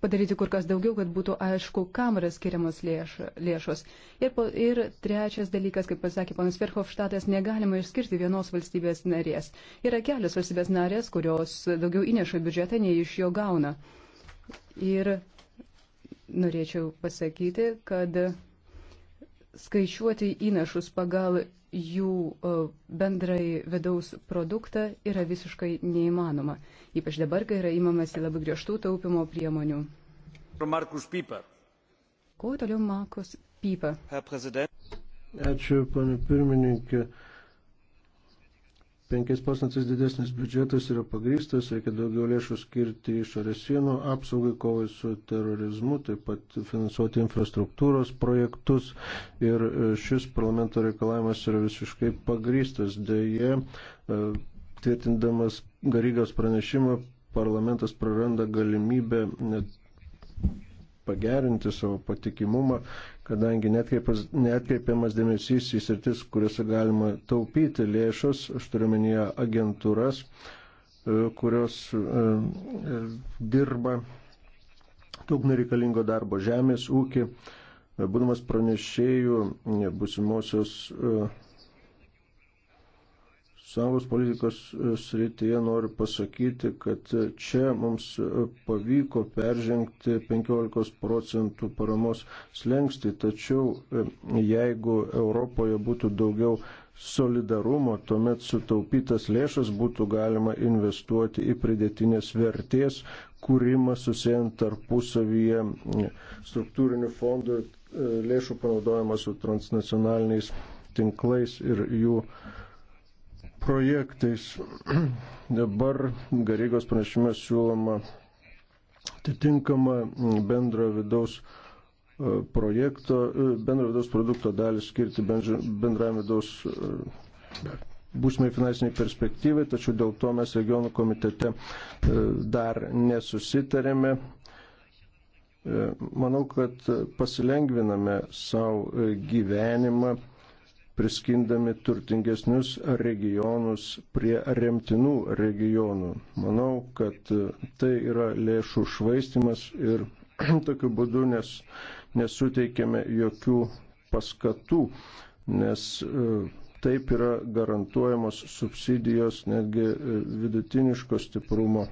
padaryti kur kas daugiau, kad būtų aišku, kam yra skiriamos lėš, lėšos. Ir, po, ir trečias dalykas, kaip pasakė panas Verhofštatas, negalima išskirti vienos valstybės narės. Yra kelios valstybės narės, kurios daugiau įneša biudžetą, nei iš jo gauna. Ir norėčiau pasakyti, kad skaičiuoti įnašus pagal jų e, bendrai vidaus produktą yra visiškai neįmanoma, ypač dabar, kai yra įmamasi labai griežtų taupimo priemonių. Markus Piper. Kuo toliau Markus Piper? Ačiū, pane pirmininkė. 5 procentais didesnis biudžetas yra pagrįstas, reikia daugiau lėšų skirti išorės sienų apsaugai, kovai su terorizmu, taip pat finansuoti infrastruktūros projektus ir e, šis parlamento reikalavimas yra visiškai pagrįstas. Deja, e, tvirtindamas Garygos pranešimą, parlamentas praranda galimybę pagerinti savo patikimumą kadangi netkreipiamas dėmesys į sritis, kuriuose galima taupyti lėšas, aš turiu menyje agentūras, e, kurios e, e, dirba daug nereikalingo darbo žemės ūkį, būdamas pranešėjų busimosios Sąjungos politikos e, srityje noriu pasakyti, kad čia mums e, pavyko peržengti 15 procentų paramos slengsti, tačiau e, jeigu Europoje būtų daugiau solidarumo, tuomet sutaupytas lėšas būtų galima investuoti į pridėtinės vertės kūrimą susijant tarpusavyje struktūrinių fondų lėšų panaudojimą su transnacionaliniais tinklais ir jų uh, projektais. Dabar Garygos pranešime siūloma atitinkama bendro vidaus e, projekto, e, bendro vidaus produkto dalį skirti bendram vidaus e, būsimai finansiniai perspektyvai, tačiau dėl to mes regionų komitete dar nesusitarėme. Manau, kad pasilengviname savo gyvenimą priskindami turtingesnius regionus prie remtinų regionų. Manau, kad tai yra lėšų švaistimas ir tokiu būdu nes, nesuteikėme jokių paskatų, nes e, taip yra garantuojamos subsidijos netgi e, vidutiniško stiprumo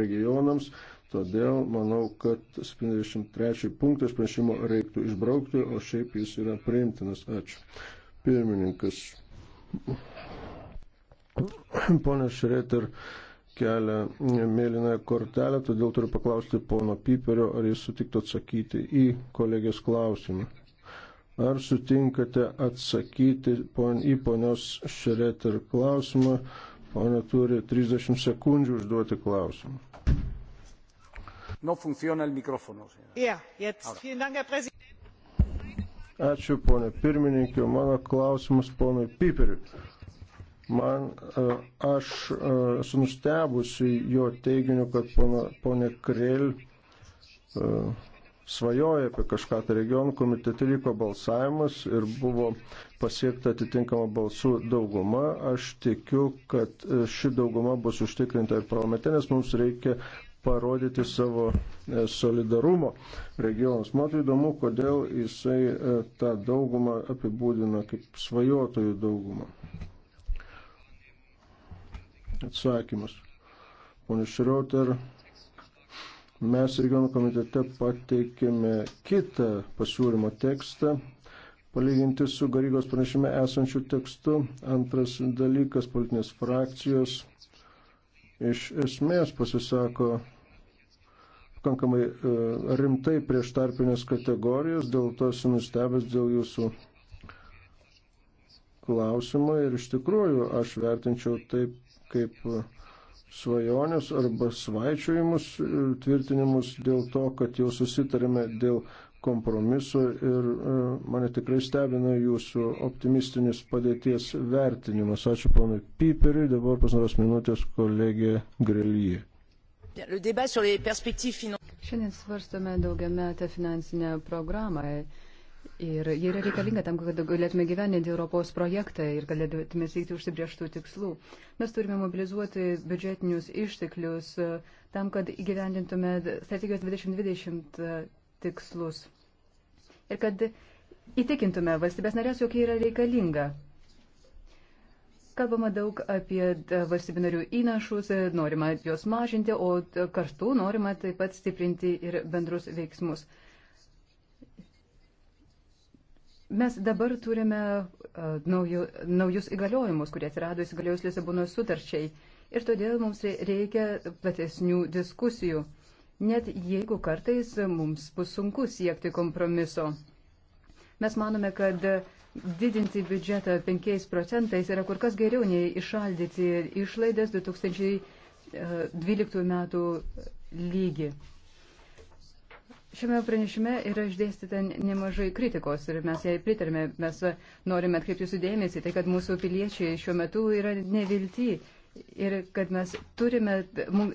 regionams. Todėl manau, kad 73 punktas prašymo reiktų išbraukti, o šiaip jis yra priimtinas. Ačiū pirmininkas. Pone Šreter kelia mėlyną kortelę, todėl turiu paklausti pono Piperio, ar jis sutiktų atsakyti į kolegės klausimą. Ar sutinkate atsakyti pon, į ponios Šreter klausimą? Pone turi 30 sekundžių užduoti klausimą. No funciona el micrófono. Ja, jetzt. Vielen Dank, Herr Präsident. Ačiū, ponė pirmininkė. Mano klausimas ponui Piperiui. Man, e, aš e, esu nustebusi jo teiginiu, kad ponė, ponė Krėl e, svajoja apie kažką. Tai regionų komitete vyko balsavimas ir buvo pasiekta atitinkama balsų dauguma. Aš tikiu, kad ši dauguma bus užtikrinta ir parlamente, nes mums reikia parodyti savo e, solidarumo regionams. Man tai įdomu, kodėl jisai e, tą daugumą apibūdina kaip svajotojų daugumą. Atsakymas. Pone Šrioter, mes regionų komitete pateikėme kitą pasiūlymo tekstą, palyginti su Garygos pranešime esančiu tekstu. Antras dalykas, politinės frakcijos iš esmės pasisako pakankamai e, rimtai prieš tarpinės kategorijas, dėl to esu nustebęs dėl jūsų klausimo ir iš tikrųjų aš vertinčiau taip kaip svajonės arba svaičiojimus, e, tvirtinimus dėl to, kad jau susitarėme dėl kompromisu ir e, mane tikrai stebina jūsų optimistinis padėties vertinimas. Ačiū ponui Piperiui, dabar pasnaros minutės kolegė Grelyje. Šiandien svarstome daugiametę finansinę programą ir ji yra reikalinga tam, kad galėtume gyveninti Europos projektą ir galėtume siekti užsibrieštų tikslų. Mes turime mobilizuoti biudžetinius išteklius e, tam, kad gyvendintume strategijos 2020 tikslus. Ir kad įtikintume valstybės narės, jog jie yra reikalinga. Kalbama daug apie e, valstybių narių įnašus, e, norima juos mažinti, o e, kartu norima taip pat stiprinti ir bendrus veiksmus. Mes dabar turime naujų, naujus įgaliojimus, kurie atsirado įsigaliojus Lisabono sutarčiai ir todėl mums reikia platesnių diskusijų net jeigu kartais mums bus sunku siekti kompromiso. Mes manome, kad didinti biudžetą 5 procentais yra kur kas geriau nei išaldyti išlaidas 2012 e, metų lygį. Šiame pranešime yra išdėstyta nemažai kritikos ir mes jai pritarime. Mes norime atkreipti jūsų dėmesį, tai kad mūsų piliečiai šiuo metu yra nevilti ir kad mes turime,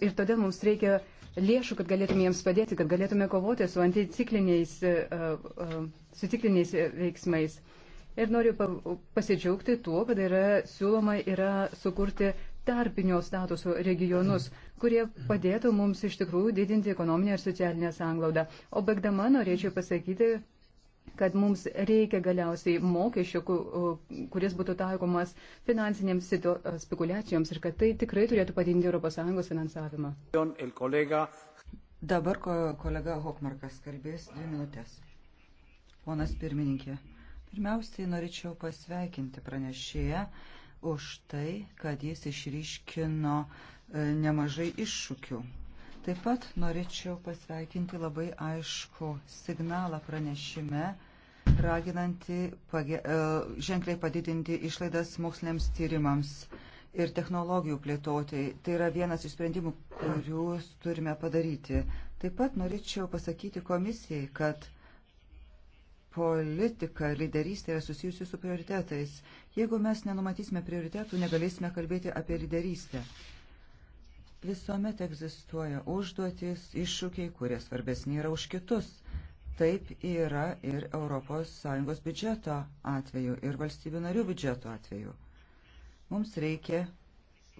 ir todėl mums reikia lėšų, kad galėtume jiems padėti, kad galėtume kovoti su anticikliniais, e, e, su cikliniais veiksmais. Ir noriu pasidžiaugti tuo, kad yra siūloma yra sukurti tarpinio statuso regionus, kurie padėtų mums iš tikrųjų didinti ekonominę ir socialinę sanglaudą. O baigdama norėčiau pasakyti, kad mums reikia galiausiai mokesčio, kuris būtų taikomas finansinėms spekulacijoms ir kad tai tikrai turėtų padinti ES finansavimą. Dabar kolega Hokmarkas kalbės dvi minutės. Ponas pirmininkė, pirmiausiai norėčiau pasveikinti pranešėją už tai, kad jis išryškino e, nemažai iššūkių Taip pat norėčiau pasveikinti labai aišku signalą pranešime, raginanti page, e, ženkliai padidinti išlaidas moksliniams tyrimams ir technologijų plėtotėjai. Tai yra vienas iš sprendimų, kuriuos turime padaryti. Taip pat norėčiau pasakyti komisijai, kad politika, lyderystė yra susijusi su prioritetais. Jeigu mes nenumatysime prioritetų, negalėsime kalbėti apie lyderystę. Visuomet egzistuoja užduotis, iššūkiai, kurie svarbesni yra už kitus. Taip yra ir ES biudžeto atveju, ir valstybių narių biudžeto atveju. Mums reikia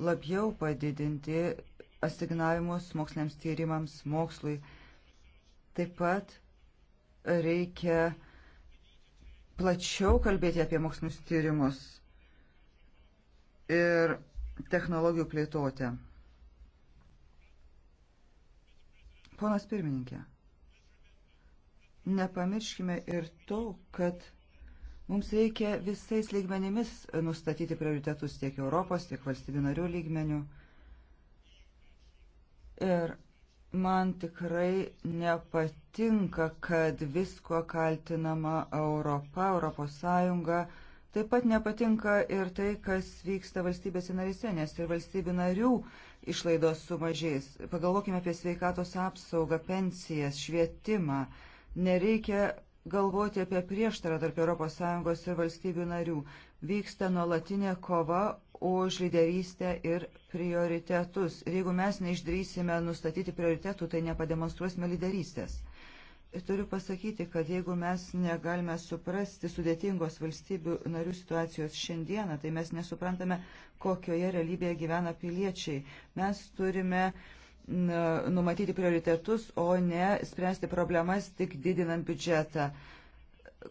labiau padidinti asignavimus moksliniams tyrimams, mokslui. Taip pat reikia plačiau kalbėti apie mokslinius tyrimus ir technologijų plėtotę. Ponas pirmininkė, nepamirškime ir to, kad mums reikia visais lygmenimis nustatyti prioritetus tiek Europos, tiek valstybių narių lygmenių. Ir man tikrai nepatinka, kad visko kaltinama Europa, Europos Sąjunga. Taip pat nepatinka ir tai, kas vyksta valstybėse narise, nes ir valstybių narių išlaidos sumažės. Pagalvokime apie sveikatos apsaugą, pensijas, švietimą. Nereikia galvoti apie prieštarą tarp ES ir valstybių narių. Vyksta nuolatinė kova už lyderystę ir prioritetus. Ir jeigu mes neišdrysime nustatyti prioritetų, tai nepademonstruosime lyderystės. Turiu pasakyti, kad jeigu mes negalime suprasti sudėtingos valstybių narių situacijos šiandieną, tai mes nesuprantame, kokioje realybėje gyvena piliečiai. Mes turime numatyti prioritetus, o ne spręsti problemas tik didinant biudžetą.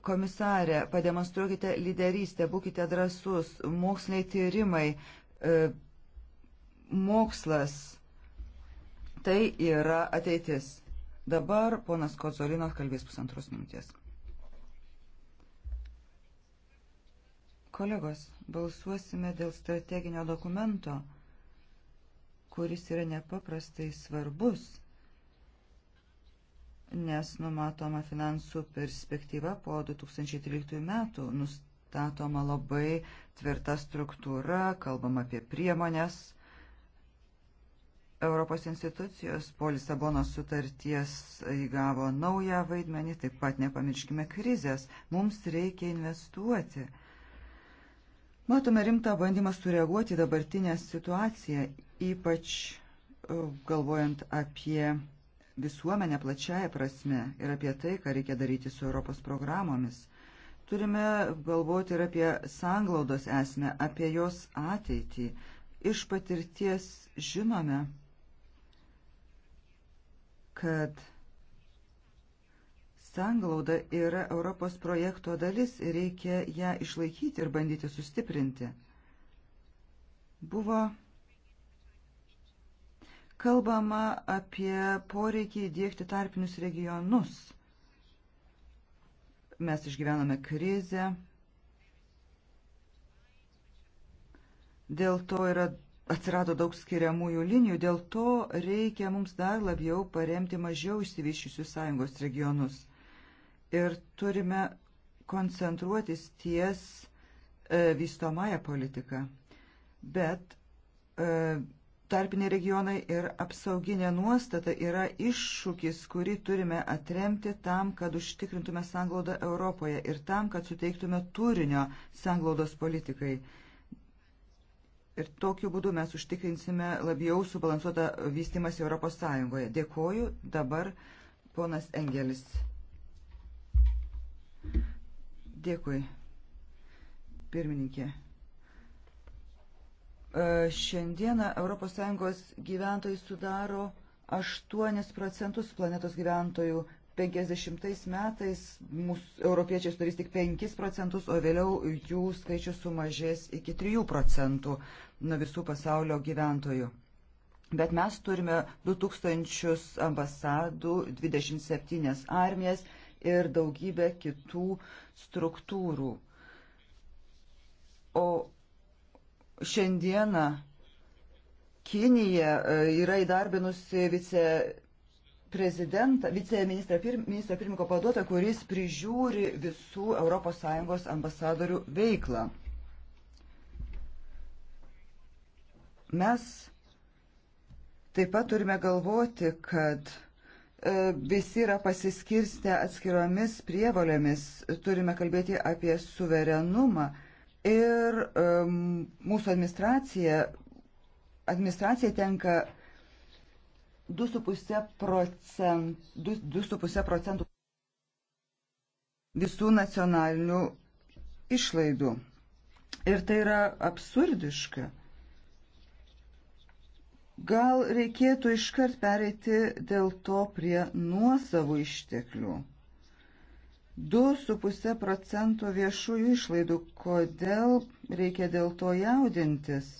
Komisarė, pademonstruokite lyderystę, būkite drasus, moksliniai tyrimai, e, mokslas. Tai yra ateitis. Dabar ponas Kozolinos kalbės pusantros minutės. Kolegos, balsuosime dėl strateginio dokumento, kuris yra nepaprastai svarbus, nes numatoma finansų perspektyva po 2013 metų, nustatoma labai tvirta struktūra, kalbama apie priemonės, Europos institucijos po Lisabonos sutarties įgavo naują vaidmenį, taip pat nepamirškime krizės. Mums reikia investuoti. Matome rimtą bandymą sureaguoti dabartinę situaciją, ypač e, galvojant apie visuomenę plačiaja prasme ir apie tai, ką reikia daryti su Europos programomis. Turime galvoti ir apie sanglaudos esmę, apie jos ateitį. Iš patirties žinome, kad sanglauda yra Europos projekto dalis ir reikia ją išlaikyti ir bandyti sustiprinti. Buvo kalbama apie poreikį įdėkti tarpinius regionus. Mes išgyvename krizę. Dėl to yra atsirado daug skiriamųjų linijų, dėl to reikia mums dar labiau paremti mažiau išsivyščiusius sąjungos regionus. Ir turime koncentruotis ties e, vystomąją politiką. Bet e, tarpiniai regionai ir apsauginė nuostata yra iššūkis, kurį turime atremti tam, kad užtikrintume sanglaudą Europoje ir tam, kad suteiktume turinio sanglaudos politikai. E, Ir tokiu būdu mes užtikrinsime labiau subalansuotą vystimas Europos Sąjungoje. Dėkoju. Dabar ponas Engelis. Dėkui. Pirmininkė. E, šiandieną ES gyventojai sudaro 8 procentus planetos gyventojų 50 metais mūsų europiečiai sudarys tik 5 procentus, o vėliau jų skaičius sumažės iki 3 procentų nuo visų pasaulio gyventojų. Bet mes turime 2000 ambasadų, 27 armijas ir daugybę kitų struktūrų. O šiandieną Kinija e, yra įdarbinusi vice prezidentą, viceministrą pirm, pirmininko paduotą, kuris prižiūri visų ES ambasadorių veiklą. Mes taip pat turime galvoti, kad e, visi yra pasiskirstę atskiromis prievolėmis, turime kalbėti apie suverenumą ir um, mūsų administracija, administracija tenka uh, 2,5 procentų visų nacionalinių išlaidų. Ir tai yra absurdiška. Gal reikėtų iškart pereiti dėl to prie nuosavų išteklių. 2,5 procento viešųjų išlaidų. Kodėl reikia dėl to jaudintis?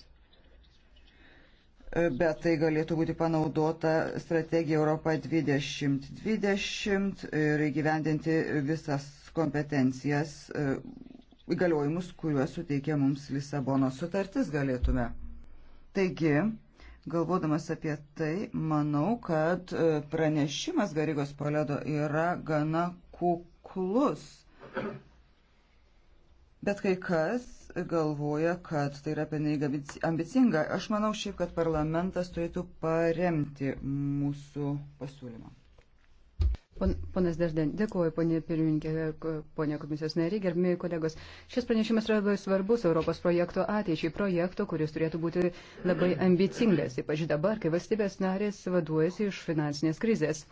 bet tai galėtų būti panaudota strategija Europa 2020 ir įgyvendinti visas kompetencijas, e, įgaliojimus, kuriuos suteikia mums Lisabono sutartis galėtume. Taigi, galvodamas apie tai, manau, kad e, pranešimas Garygos Poledo yra gana kuklus. Bet kai kas galvoja, kad tai yra penelyg ambicinga. Aš manau šiaip, kad parlamentas turėtų paremti mūsų pasiūlymą. Ponas Darden, dėkuoju, ponė pirmininkė, ponė komisijos nariai, gerbimi kolegos. Šis pranešimas yra labai svarbus Europos projekto ateičiai, projekto, kuris turėtų būti labai ambicingas, ypač dabar, kai valstybės narės vaduojasi iš finansinės krizės.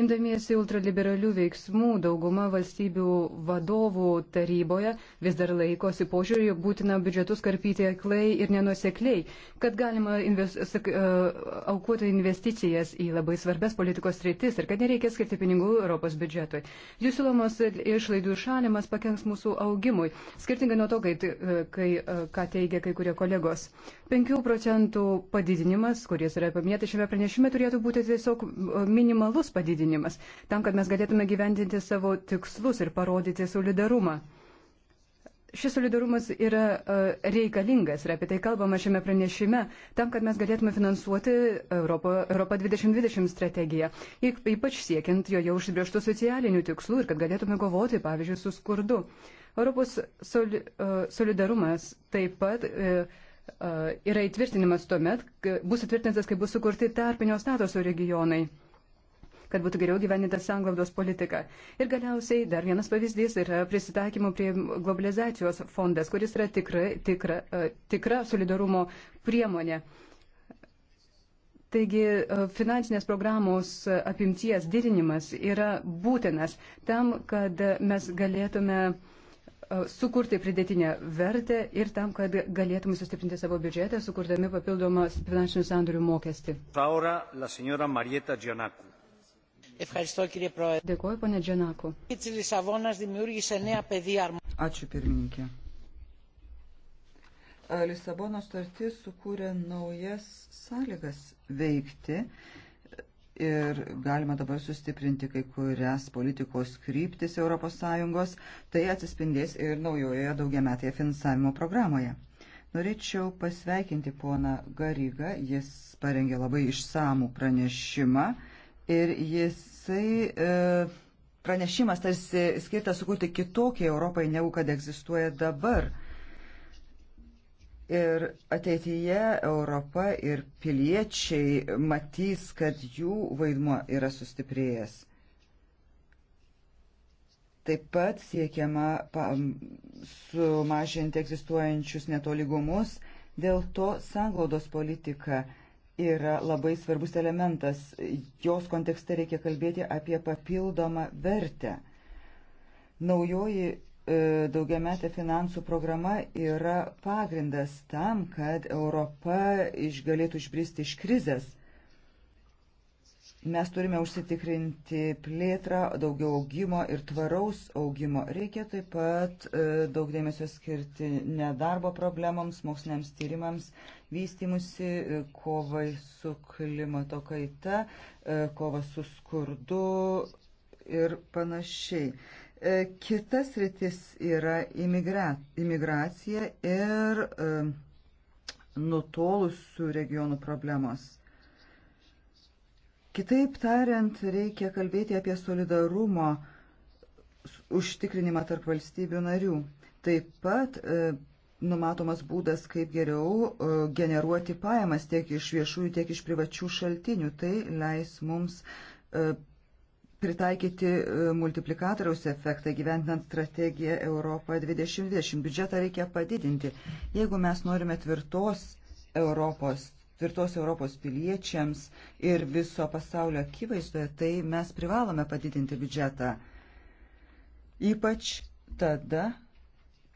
Imdamiesi ultraliberalių veiksmų, dauguma valstybių vadovų taryboje vis dar laikosi požiūrį, būtina biudžetus karpyti aklai ir nenusekliai, kad galima invest, sak, uh, aukoti investicijas į labai svarbes politikos rytis ir kad nereikia skirti pinigų Europos biudžetui. Jų siūlomos išlaidų šalimas pakenks mūsų augimui, skirtingai nuo to, kai, e, kai, e, ką teigia kai kurie kolegos. Uh, 5 procentų padidinimas, kuris yra paminėtas šiame pranešime, turėtų būti tiesiog e, minimalus padidinimas, tam, kad mes galėtume gyvendinti savo tikslus ir parodyti solidarumą. Šis solidarumas yra e, reikalingas ir apie tai kalbama šiame pranešime, tam, kad mes galėtume finansuoti Europo, Europą 2020 strategiją, ypač siekiant joje užsibrieštų socialinių tikslų ir kad galėtume kovoti, pavyzdžiui, su skurdu. Europos soli, e, solidarumas taip pat. E, E, yra įtvirtinimas tuomet, bus įtvirtintas, kai bus sukurti tarpinio statuso regionai kad būtų geriau gyveninta sanglaudos politika. Ir galiausiai dar vienas pavyzdys yra prisitaikymo prie globalizacijos fondas, kuris yra tikra, tikra, e, tikra solidarumo priemonė. Taigi e, finansinės programos apimties didinimas yra būtinas tam, kad mes galėtume uh, E, sukurti pridėtinę vertę ir tam, kad galėtume sustiprinti savo biudžetą, sukurdami papildomą finansinių sandorių mokestį. Dėkuoju, ponė Džianaku. Ačiū, pirmininkė. Lisabono startis sukūrė naujas sąlygas veikti ir galima dabar sustiprinti kai kurias politikos kryptis ES, tai atsispindės ir naujoje daugiametėje finansavimo programoje. Norėčiau pasveikinti poną Garygą, jis parengė labai išsamų pranešimą ir jisai e, pranešimas tarsi skirtas sukurti kitokį Europai, negu kad egzistuoja dabar. E, Ir ateityje Europa ir piliečiai matys, kad jų vaidmuo yra sustiprėjęs. Taip pat siekiama sumažinti egzistuojančius netolygumus, dėl to sanglaudos politika yra labai svarbus elementas. Jos kontekste reikia kalbėti apie papildomą vertę. Naujoji E, daugiametė finansų programa yra pagrindas tam, kad Europa galėtų išbristi iš krizės. Mes turime užsitikrinti plėtrą, daugiau augimo ir tvaraus augimo. Reikia taip pat e, daug dėmesio skirti nedarbo problemams, moksliniams tyrimams, vystimusi, e, kovai su klimato kaita, kova su skurdu ir panašiai. E, Kitas rytis yra imigracija ir e, nutolusių regionų problemos. Kitaip tariant, reikia kalbėti apie solidarumo užtikrinimą tarp valstybių narių. Taip pat e, numatomas būdas, kaip geriau generuoti pajamas tiek iš viešųjų, tiek iš privačių šaltinių. Tai leis mums pritaikyti e, multiplikatoriaus efektą gyventinant strategiją Europą 2020. Biudžetą reikia padidinti. Jeigu mes norime tvirtos Europos, tvirtos Europos piliečiams ir viso pasaulio akivaizdoje, tai mes privalome padidinti biudžetą. Ypač tada,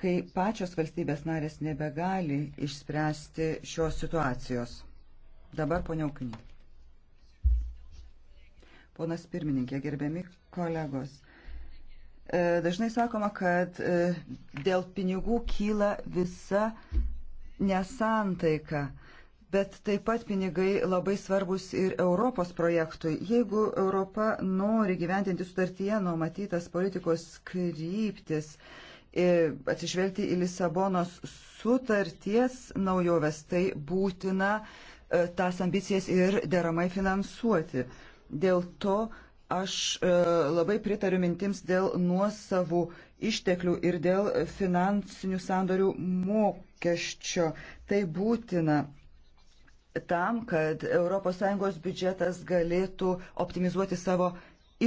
kai pačios valstybės narės nebegali išspręsti šios situacijos. Dabar ponia Ukinė. Ponas pirmininkė, gerbiami kolegos. E, dažnai sakoma, kad e, dėl pinigų kyla visa nesantaika. Bet taip pat pinigai labai svarbus ir Europos projektui. Jeigu Europa nori gyventinti sutartyje numatytas politikos kryptis, e, atsižvelgti į Lisabonos sutarties naujoves, tai būtina tas ambicijas ir deramai finansuoti. Dėl to aš e, labai pritariu mintims dėl nuosavų išteklių ir dėl finansinių sandorių mokesčio. Tai būtina tam, kad ES biudžetas galėtų optimizuoti savo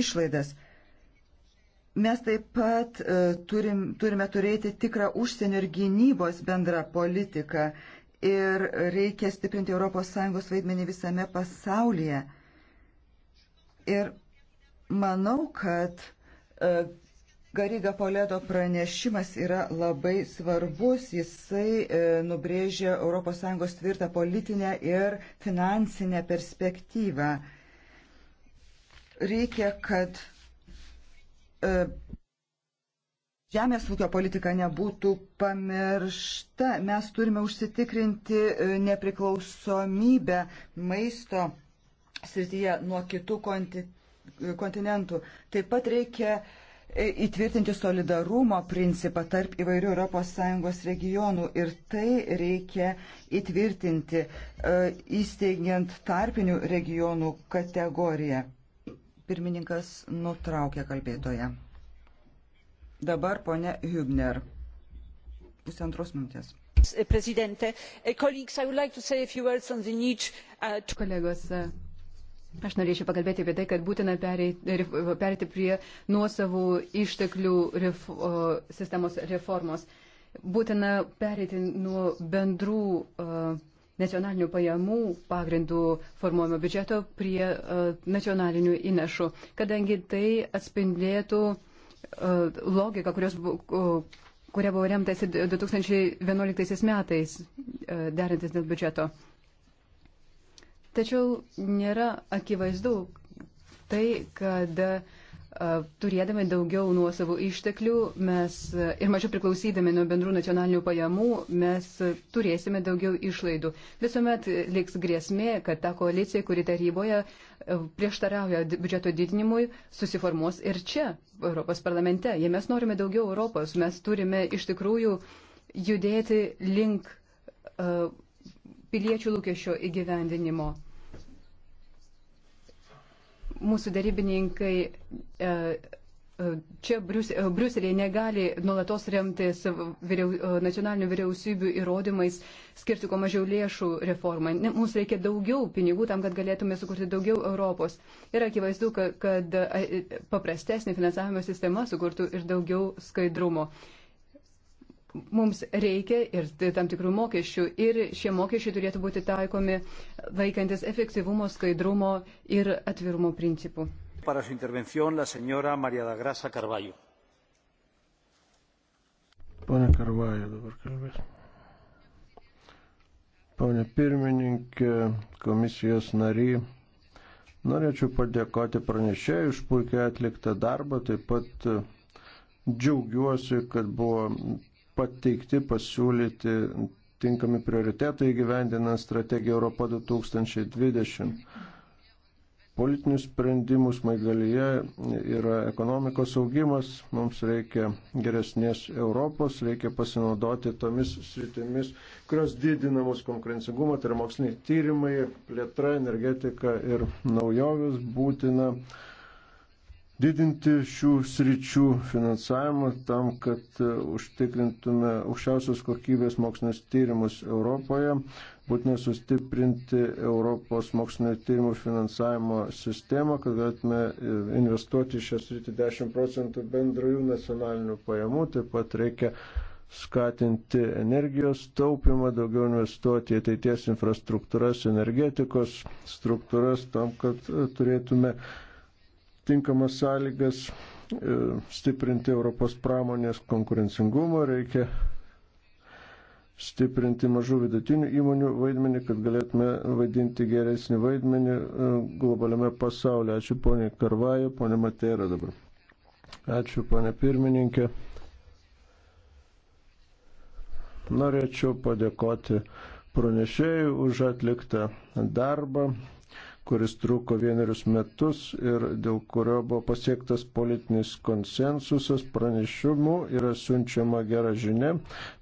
išlaidas. Mes taip pat e, turim, turime turėti tikrą užsienio ir gynybos bendrą politiką ir reikia stiprinti ES vaidmenį visame pasaulyje. Ir manau, kad e, Gariga Poledo pranešimas yra labai svarbus. Jisai e, nubrėžia ES tvirtą politinę ir finansinę perspektyvą. Reikia, kad e, žemės ūkio politika nebūtų pamiršta. Mes turime užsitikrinti nepriklausomybę maisto srityje nuo kitų konti, kontinentų. Taip pat reikia e, įtvirtinti solidarumo principą tarp įvairių ES regionų ir tai reikia įtvirtinti e, įsteigiant tarpinių regionų kategoriją. Pirmininkas nutraukė kalbėtoje. Dabar ponia Hübner. Pusantros minutės. Prezidente, eh, colleagues, I would like to say a few words on the need uh, to... Kolegos, Aš norėčiau pakalbėti apie tai, kad būtina perėti prie nuosavų išteklių ref, o, sistemos reformos. Būtina perėti nuo bendrų o, nacionalinių pajamų pagrindų formuojamo biudžeto prie o, nacionalinių įnašų, kadangi tai atspindėtų o, logiką, kurios, o, kuria buvo remtasi 2011 metais, o, e, derintis dėl biudžeto. Tačiau nėra akivaizdu tai, kad turėdami daugiau nuosavų išteklių mes, ir mažiau priklausydami nuo bendrų nacionalinių pajamų, mes turėsime daugiau išlaidų. Visuomet liks grėsmė, kad ta koalicija, kuri taryboje prieštarauja biudžeto didinimui, susiformuos ir čia, Europos parlamente. Jei mes norime daugiau Europos, mes turime iš tikrųjų judėti link uh, piliečių lūkesčio įgyvendinimo. Mūsų darybininkai e, e, čia e, Briuselėje negali nuolatos remtis vyriau, nacionalinių vyriausybių įrodymais skirti ko mažiau lėšų reformai. Ne, mums reikia daugiau pinigų tam, kad galėtume sukurti daugiau Europos. Ir akivaizdu, kad, kad paprastesnė finansavimo sistema sukurtų ir daugiau skaidrumo mums reikia ir tam tikrų mokesčių. Ir šie mokesčiai turėtų būti taikomi laikantis efektyvumo, skaidrumo ir atvirumo principų. Pane Karvajo dabar kalbės. Pane pirmininkė, komisijos nary, norėčiau padėkoti pranešėjai už puikiai atliktą darbą, taip pat džiaugiuosi, kad buvo pateikti, pasiūlyti tinkami prioritetai gyvendinant strategiją Europą 2020. Politinių sprendimų smaigalyje yra ekonomikos augimas, mums reikia geresnės Europos, reikia pasinaudoti tomis sritimis, kurios didinamos konkurencingumą, tai yra moksliniai tyrimai, plėtra, energetika ir naujovis būtina didinti šių sričių finansavimą tam, kad e, užtikrintume aukščiausios kokybės mokslinius tyrimus Europoje, būtina sustiprinti Europos mokslinio tyrimų finansavimo sistemą, kad galėtume e, investuoti šią sritį 10 procentų bendrojų nacionalinių pajamų, taip pat reikia skatinti energijos taupimą, daugiau investuoti į ateities infrastruktūras, energetikos struktūras, tam, kad e, turėtume tinkamas sąlygas, e, stiprinti Europos pramonės konkurencingumą, reikia stiprinti mažų vidutinių įmonių vaidmenį, kad galėtume vaidinti geresnį vaidmenį e, globaliame pasaulyje. Ačiū ponė Karvajo, ponė Matera dabar. Ačiū ponė pirmininkė. Norėčiau padėkoti pranešėjui už atliktą darbą kuris truko vienerius metus ir dėl kurio buvo pasiektas politinis konsensusas, pranešimu yra siunčiama gera žinia.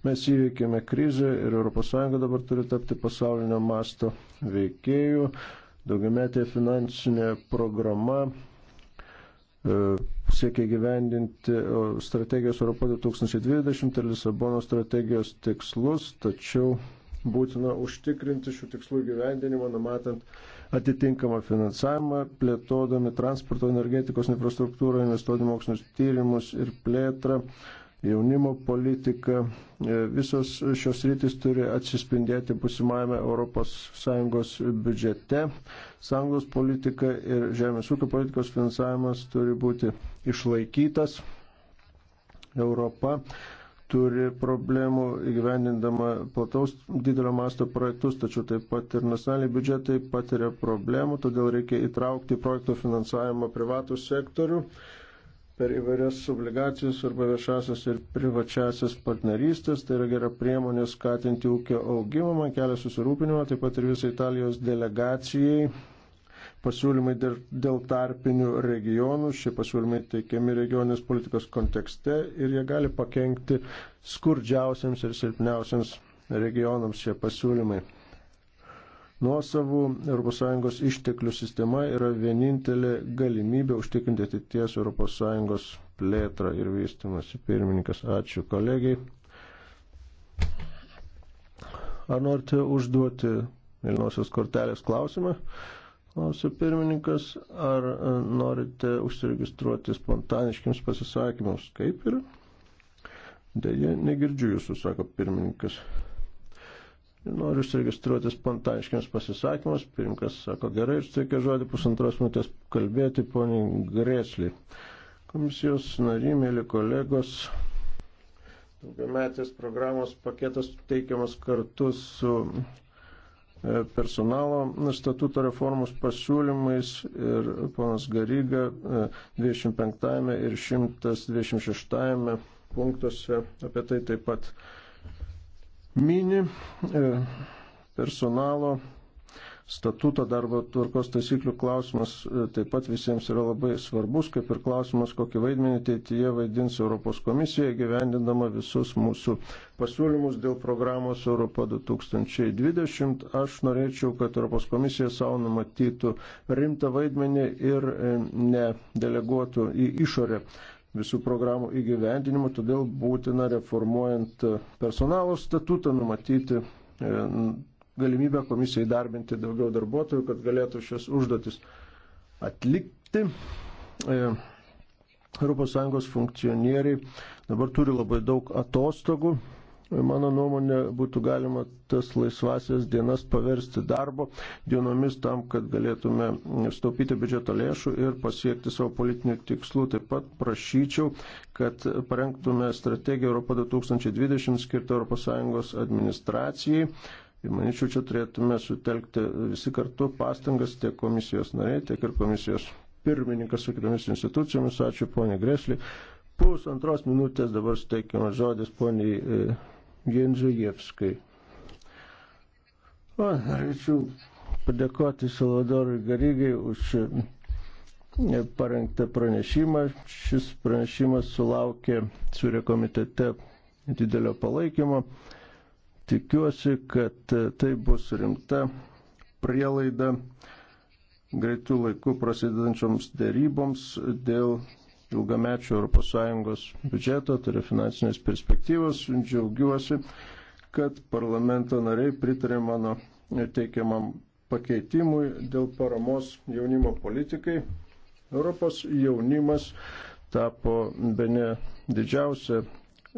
Mes įveikėme krizę ir ES dabar turi tapti pasaulinio masto veikėjų. Daugiametė finansinė programa e, siekia gyvendinti strategijos Europo 2020 ir Lisabono strategijos tikslus, tačiau būtina užtikrinti šių tikslų gyvendinimą, numatant atitinkamą finansavimą, plėtodami transporto energetikos infrastruktūrą, investuodami mokslinius tyrimus ir plėtrą jaunimo politika, e, visos šios rytis turi atsispindėti pusimajame ES biudžete. Sanglos politika ir žemės ūkio politikos finansavimas turi būti išlaikytas. Europa turi problemų įgyvendindama plataus didelio masto projektus, tačiau taip pat ir nacionaliniai biudžetai patiria problemų, todėl reikia įtraukti projektų finansavimo privatų sektorių per įvairias obligacijas arba viešasias ir privačiasias partnerystės. Tai yra gera priemonė skatinti ūkio augimą, man kelia susirūpinimą, taip pat ir visai Italijos delegacijai pasiūlymai dėl tarpinių regionų, šie pasiūlymai teikiami regioninės politikos kontekste ir jie gali pakengti skurdžiausiams ir silpniausiams regionams šie pasiūlymai. Nuosavų ES išteklių sistema yra vienintelė galimybė užtikrinti ateities ES plėtrą ir vystimąsi. Pirmininkas, ačiū kolegiai. Ar norite užduoti Vilniausios kortelės klausimą? Klausiu pirmininkas, ar e, norite užsiregistruoti spontaniškiams pasisakymams? Kaip ir? Deja, negirdžiu jūsų, sako pirmininkas. Noriu užsiregistruoti spontaniškiams pasisakymams. Pirmininkas sako gerai ir suteikia žodį pusantros minutės kalbėti poniai Grėsliai. Komisijos nariai, mėly kolegos, daugiametės programos paketas teikiamas kartu su E, personalo statuto reformos pasiūlymais ir ponas Garyga 25 e, ir 126 punktuose apie tai taip pat mini e, personalo statuto darbo tvarkos taisyklių klausimas e, taip pat visiems yra labai svarbus, kaip ir klausimas, kokį vaidmenį ateityje vaidins Europos komisija, gyvendindama visus mūsų pasiūlymus dėl programos Europa 2020. Aš norėčiau, kad Europos komisija savo numatytų rimtą vaidmenį ir e, nedeleguotų į išorę visų programų įgyvendinimu, todėl būtina reformuojant personalo statutą numatyti e, galimybę komisijai darbinti daugiau darbuotojų, kad galėtų šias užduotis atlikti. ES funkcionieriai dabar turi labai daug atostogų. E, mano nuomonė, būtų galima tas laisvasias dienas paversti darbo dienomis tam, kad galėtume staupyti biudžeto lėšų ir pasiekti savo politinių tikslų. Taip pat prašyčiau, kad parengtume strategiją Europą 2020 skirtą ES administracijai Manyčiau, čia turėtume sutelkti visi kartu pastangas tiek komisijos nariai, tiek ir komisijos pirmininkas su kitomis institucijomis. Ačiū ponė Greslį. Pusantros minutės dabar suteikiamas žodis poniai e, Gendžiujevskai. O, norėčiau padėkoti Salvadorui Garygai už e, parengtą pranešimą. Šis pranešimas sulaukė surė komitete didelio palaikymo. Tikiuosi, kad e, tai bus rimta prielaida greitų laikų prasidedančioms dėryboms dėl ilgamečio ES biudžeto, tai yra finansinės perspektyvos. Džiaugiuosi, kad parlamento nariai pritarė mano teikiamam pakeitimui dėl paramos jaunimo politikai. Europos jaunimas tapo bene didžiausia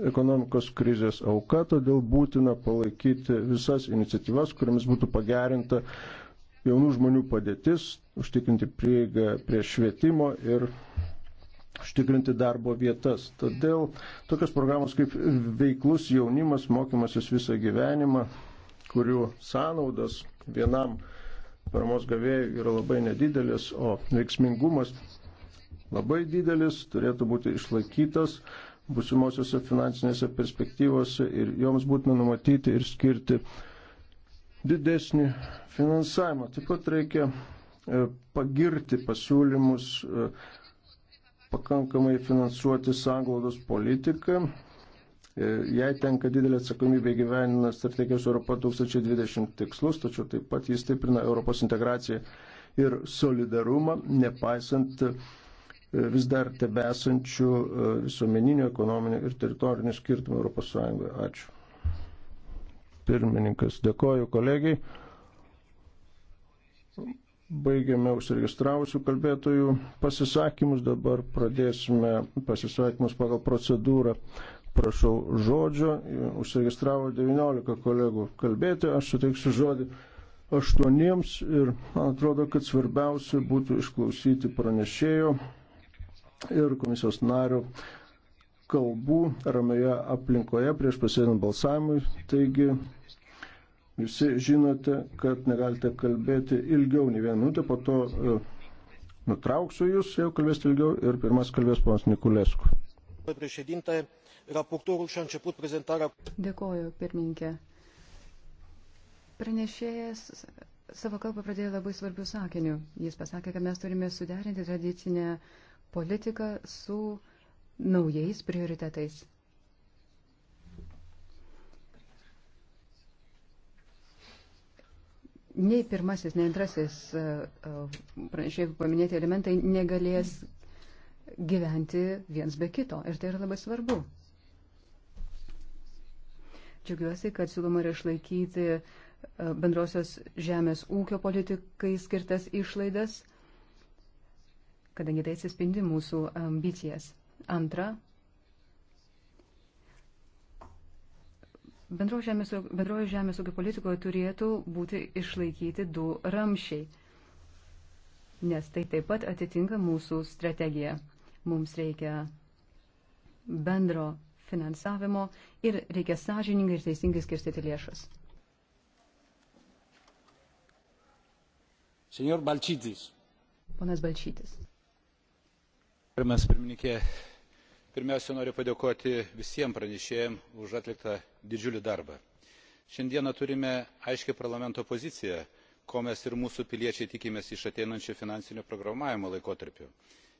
ekonomikos krizės auka, todėl būtina palaikyti visas iniciatyvas, kuriamis būtų pagerinta jaunų žmonių padėtis, užtikrinti prieigą prie švietimo ir užtikrinti darbo vietas. Todėl tokios programos kaip veiklus jaunimas, mokymasis visą gyvenimą, kurių sąnaudas vienam paramos gavėjui yra labai nedidelis, o veiksmingumas labai didelis, turėtų būti išlaikytas busimuosiuose finansinėse perspektyvose ir joms būtina numatyti ir skirti didesnį finansavimą. Taip pat reikia e, pagirti pasiūlymus e, pakankamai finansuoti sanglaudos politiką. E, jai tenka didelė atsakomybė gyvenina strategijos Europa 2020 tikslus, tačiau taip pat jis stiprina Europos integraciją ir solidarumą, nepaisant vis dar tebesančių e, visuomeninių, ekonominių ir teritorinių skirtumų Europos Sąjungoje. Ačiū. Pirmininkas, dėkoju kolegijai. Baigiame užsiregistravusių kalbėtojų pasisakymus. Dabar pradėsime pasisakymus pagal procedūrą. Prašau žodžio. Užsiregistravo 19 kolegų kalbėti. Aš suteiksiu žodį aštuoniems ir man atrodo, kad svarbiausia būtų išklausyti pranešėjo ir komisijos narių kalbų ramioje aplinkoje prieš pasėdant balsavimui. Taigi visi žinote, kad negalite kalbėti ilgiau nei vieną minutę, po to e, nutrauksiu jūs, jau kalbėsite ilgiau ir pirmas kalbės ponas Nikulesku. Raportorul și-a început prezentarea. Dėkoju, pirmininkė. Pranešėjas savo kalbą pradėjo labai svarbių sakinių. Jis pasakė, kad mes turime suderinti tradicinę politiką su naujais prioritetais. Nei pirmasis, nei antrasis e, e, pranešėjų paminėti elementai negalės gyventi viens be kito. Ir tai yra labai svarbu. Džiaugiuosi, kad siūloma yra išlaikyti e, bendrosios žemės ūkio politikai skirtas išlaidas kadangi tai atsispindi mūsų ambicijas. Antra, bendrojo žemės, bendrojo žemės ūkio politikoje turėtų būti išlaikyti du ramšiai, nes tai taip pat atitinka mūsų strategiją. Mums reikia bendro finansavimo ir reikia sąžiningai ir teisingai skirstyti lėšas. Senor Balčytis. Ponas Balčytis gerbiamas pirmininke pirmiausia noriu padėkoti visiems pranešėjams už atliktą didžiulį darbą. šiandieną turime aiškią parlamento poziciją ko mes ir mūsų piliečiai tikimės iš ateinančio finansinio programavimo laikotarpio.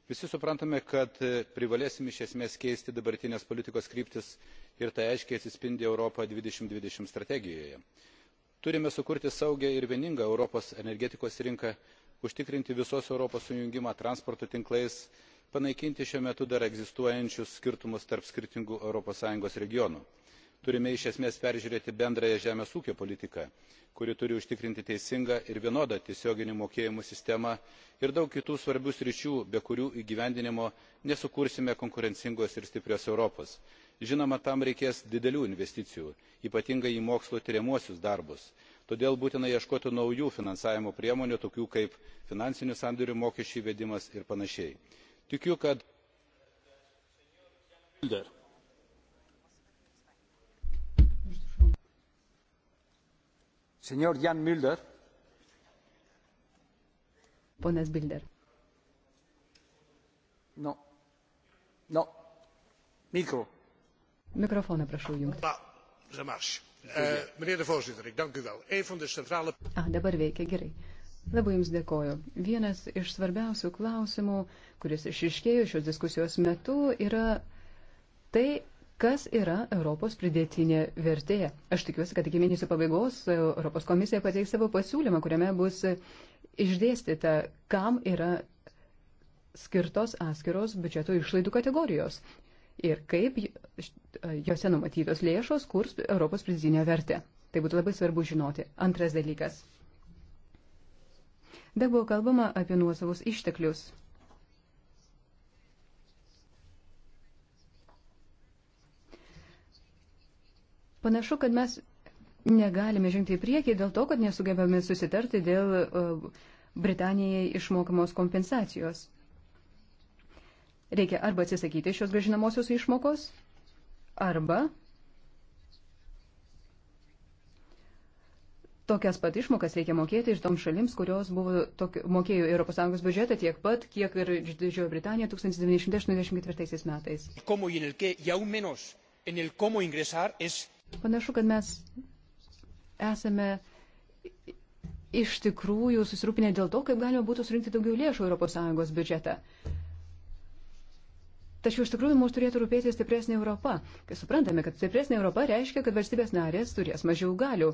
visi suprantame kad privalėsime iš esmės keisti dabartines politikos kryptis ir tai aiškiai atsispindi europa du tūkstančiai dvidešimt strategijoje. turime sukurti saugią ir vieningą europos energetikos rinką užtikrinti visos europos sujungimą transporto tinklais panaikinti šiuo metu dar egzistuojančius skirtumus tarp skirtingų europos sąjungos regionų. turime iš esmės peržiūrėti bendrąją žemės ūkio politiką kuri turi užtikrinti teisingą ir vienodą tiesioginių mokėjimų sistemą ir daug kitų svarbių sričių be kurių įgyvendinimo nesukursime konkurencingos ir stiprios europos. žinoma tam reikės didelių investicijų ypatingai į mokslo tiriamuosius darbus todėl būtina ieškoti naujų finansavimo priemonių tokių kaip finansinių sandorių mokesčio įvedimas ir panašiai tikiu kad ponas bilder no. No. Mikro. microfoon prašau įjungti. Eh, ah, dabar veikia gerai. Labai Jums dėkoju. Vienas iš svarbiausių klausimų, kuris išiškėjo šios diskusijos metu, yra tai, kas yra Europos pridėtinė vertė. Aš tikiuosi, kad iki mėnesio pabaigos Europos komisija pateiks savo pasiūlymą, kuriame bus išdėstyta, kam yra skirtos atskiros biudžeto išlaidų kategorijos ir kaip jose numatytos lėšos kurs Europos pridėtinę vertę. Tai būtų labai svarbu žinoti. Antras dalykas. Be buvo kalbama apie nuosavus išteklius. Panašu, kad mes negalime žengti į priekį dėl to, kad nesugebame susitarti dėl uh, Britanijai išmokamos kompensacijos. Reikia arba atsisakyti šios gražinamosios išmokos, arba tokias pat išmokas reikia mokėti iš toms šalims, kurios buvo tokio, mokėjo ES biudžetą tiek pat, kiek ir Didžiojo Britanija 1984 metais. Panašu, kad mes esame iš tikrųjų susirūpinę dėl to, kaip galima būtų surinkti daugiau lėšų ES biudžetą. Tačiau iš tikrųjų mums turėtų rūpėti stipresnė Europa, kai suprantame, kad stipresnė Europa reiškia, kad valstybės narės turės mažiau galių.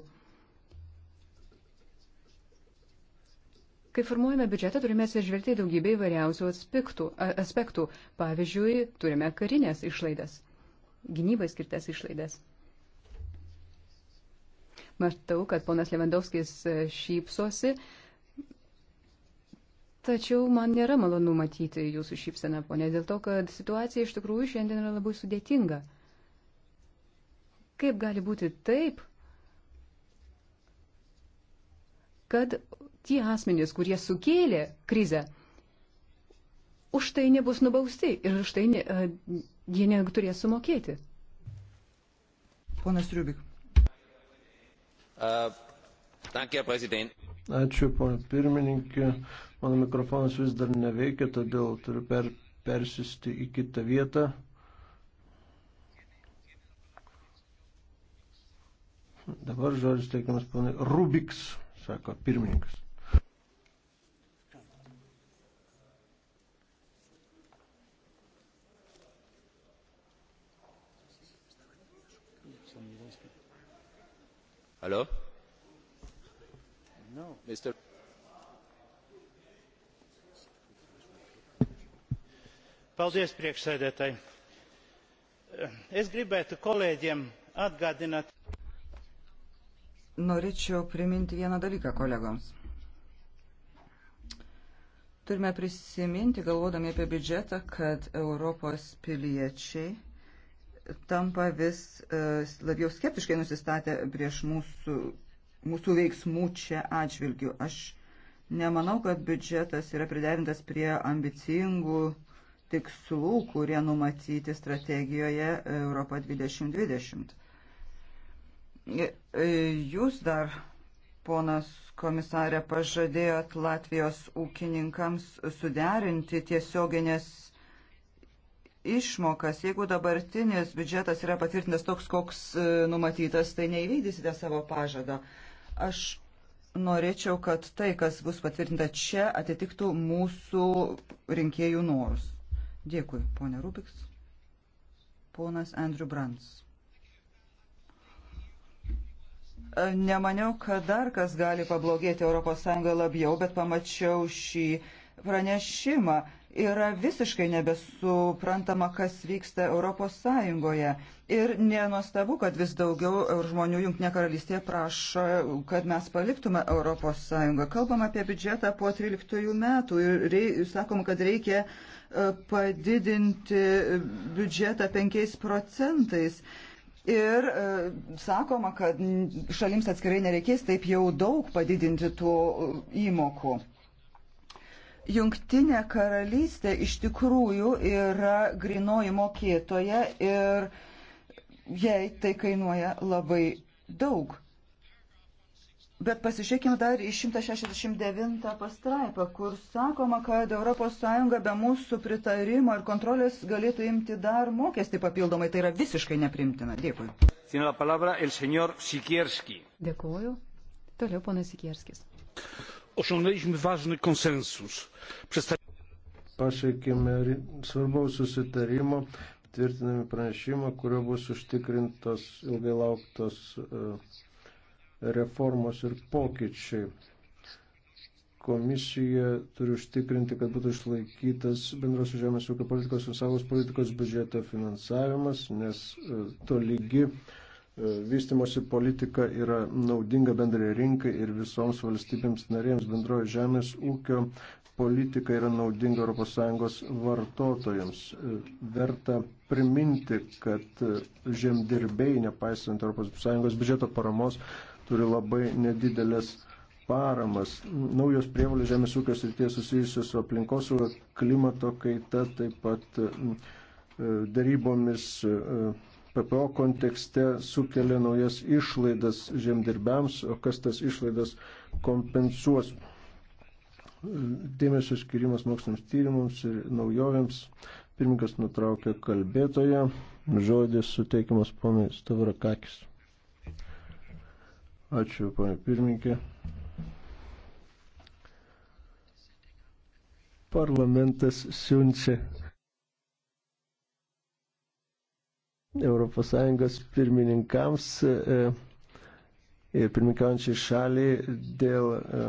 Kai formuojame biudžetą, turime atsižvelgti daugybę įvairiausių aspektų, aspektų. Pavyzdžiui, turime karinės išlaidas, gynybai skirtas išlaidas. Matau, kad ponas Levandovskis e, šypsosi, tačiau man nėra malonu matyti jūsų šypseną, ponė, dėl to, kad situacija iš tikrųjų šiandien yra labai sudėtinga. Kaip gali būti taip, kad tie asmenys, kurie sukėlė krizę, už tai nebus nubausti ir už tai ne, e, jie neturės sumokėti. Ponas Riubik. Uh, you, Ačiū, ponė pirmininkė. Mano mikrofonas vis dar neveikia, todėl turiu per, persisti į kitą vietą. Dabar žodis teikiamas ponai Rubiks, sako pirmininkas. Hello? No, Mr. Paldies, priekšsēdētāji. Es gribētu kolēģiem atgādināt. Norėčiau priminti vieną dalyką kolegoms. Turime prisiminti, galvodami apie biudžetą, kad Europos piliečiai tampa vis e, labiau skeptiškai nusistatę prieš mūsų, mūsų veiksmų čia atžvilgių. Aš nemanau, kad biudžetas yra priderintas prie ambicingų tikslų, kurie numatyti strategijoje Europa 2020. E, e, jūs dar, ponas komisarė, pažadėjot Latvijos ūkininkams suderinti tiesioginės išmokas. Jeigu dabartinis biudžetas yra patvirtintas toks, koks e, numatytas, tai neįvykdysite savo pažado. Aš norėčiau, kad tai, kas bus patvirtinta čia, atitiktų mūsų rinkėjų norus. Dėkui, ponė Rubiks. Ponas Andrew Brans. E, nemaniau, kad dar kas gali pablogėti ES labiau, bet pamačiau šį pranešimą yra visiškai nebesuprantama, kas vyksta Europos Sąjungoje. Ir nenuostabu, kad vis daugiau žmonių Junktinė karalystė prašo, kad mes paliktume Europos Sąjungą. Kalbam apie biudžetą po 13 metų ir rei, sakom, kad reikia e, padidinti biudžetą 5 procentais. Ir e, sakoma, kad šalims atskirai nereikės taip jau daug padidinti tų e, įmokų. Jungtinė karalystė iš tikrųjų yra grinoji mokėtoja ir jai tai kainuoja labai daug. Bet pasižiūrėkime dar į 169 pastraipą, kur sakoma, kad ES be mūsų pritarimo ir kontrolės galėtų imti dar mokestį papildomai. Tai yra visiškai neprimtina. Dėkui. Palabra, Dėkuoju. Toliau ponas Sikierskis osiągnęliśmy ważny konsensus. Pasiekėme svarbaus susitarimo, tvirtinami pranešimą, kurio bus užtikrintos ilgai lauktos e, reformos ir pokyčiai. Komisija turi užtikrinti, kad būtų išlaikytas bendros žemės ūkio politikos ir savos politikos biudžeto finansavimas, nes e, to lygi uh, E, vystimosi politika yra naudinga bendrai rinkai ir visoms valstybėms narėms. Bendroji žemės ūkio politika yra naudinga ES vartotojams. E, verta priminti, kad e, žemdirbėjai, nepaisant ES biudžeto paramos, turi labai nedidelės paramas. Naujos prievalės žemės ūkio srityje susijusios su aplinkosauga, klimato kaita, taip pat darybomis PPO kontekste sukelia naujas išlaidas žemdirbiams, o kas tas išlaidas kompensuos. Dėmesio skirimas moksliniams tyrimams ir naujovėms. Pirmininkas nutraukė kalbėtoją. Žodis suteikimas ponui Stavrakakis. Ačiū, ponė pirmininkė. Parlamentas siunčia ES pirmininkams e, ir pirmininkaujančiai šaliai dėl e,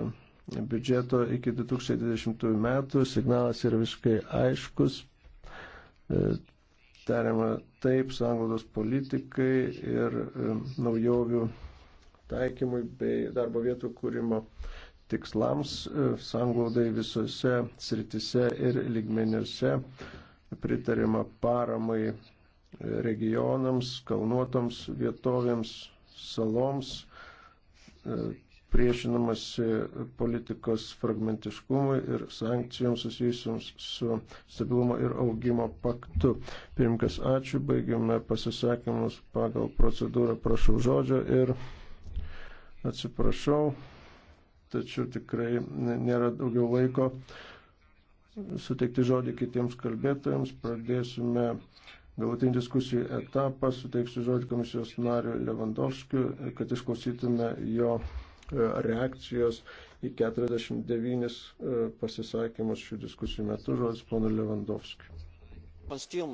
biudžeto iki 2020 metų. Signalas yra visiškai aiškus. E, tariama taip sanglaudos politikai ir naujovių taikymui bei darbo vietų kūrimo tikslams sanglaudai visose sritise ir lygmeniuose pritarima paramai regionams, kalnuotoms vietovėms, saloms, e, priešinamasi politikos fragmentiškumui ir sankcijoms susijusiams su stabilumo ir augimo paktu. Pirmkas, ačiū, baigiame pasisakymus pagal procedūrą, prašau žodžio ir atsiprašau, tačiau tikrai nėra daugiau laiko suteikti žodį kitiems kalbėtojams. Pradėsime galutinį diskusijų etapą, suteiksiu žodį komisijos nariu Levandovskiu, kad išklausytume jo e, reakcijos į 49 e, pasisakymus šių diskusijų metu, žodis ponui Levandovskiu.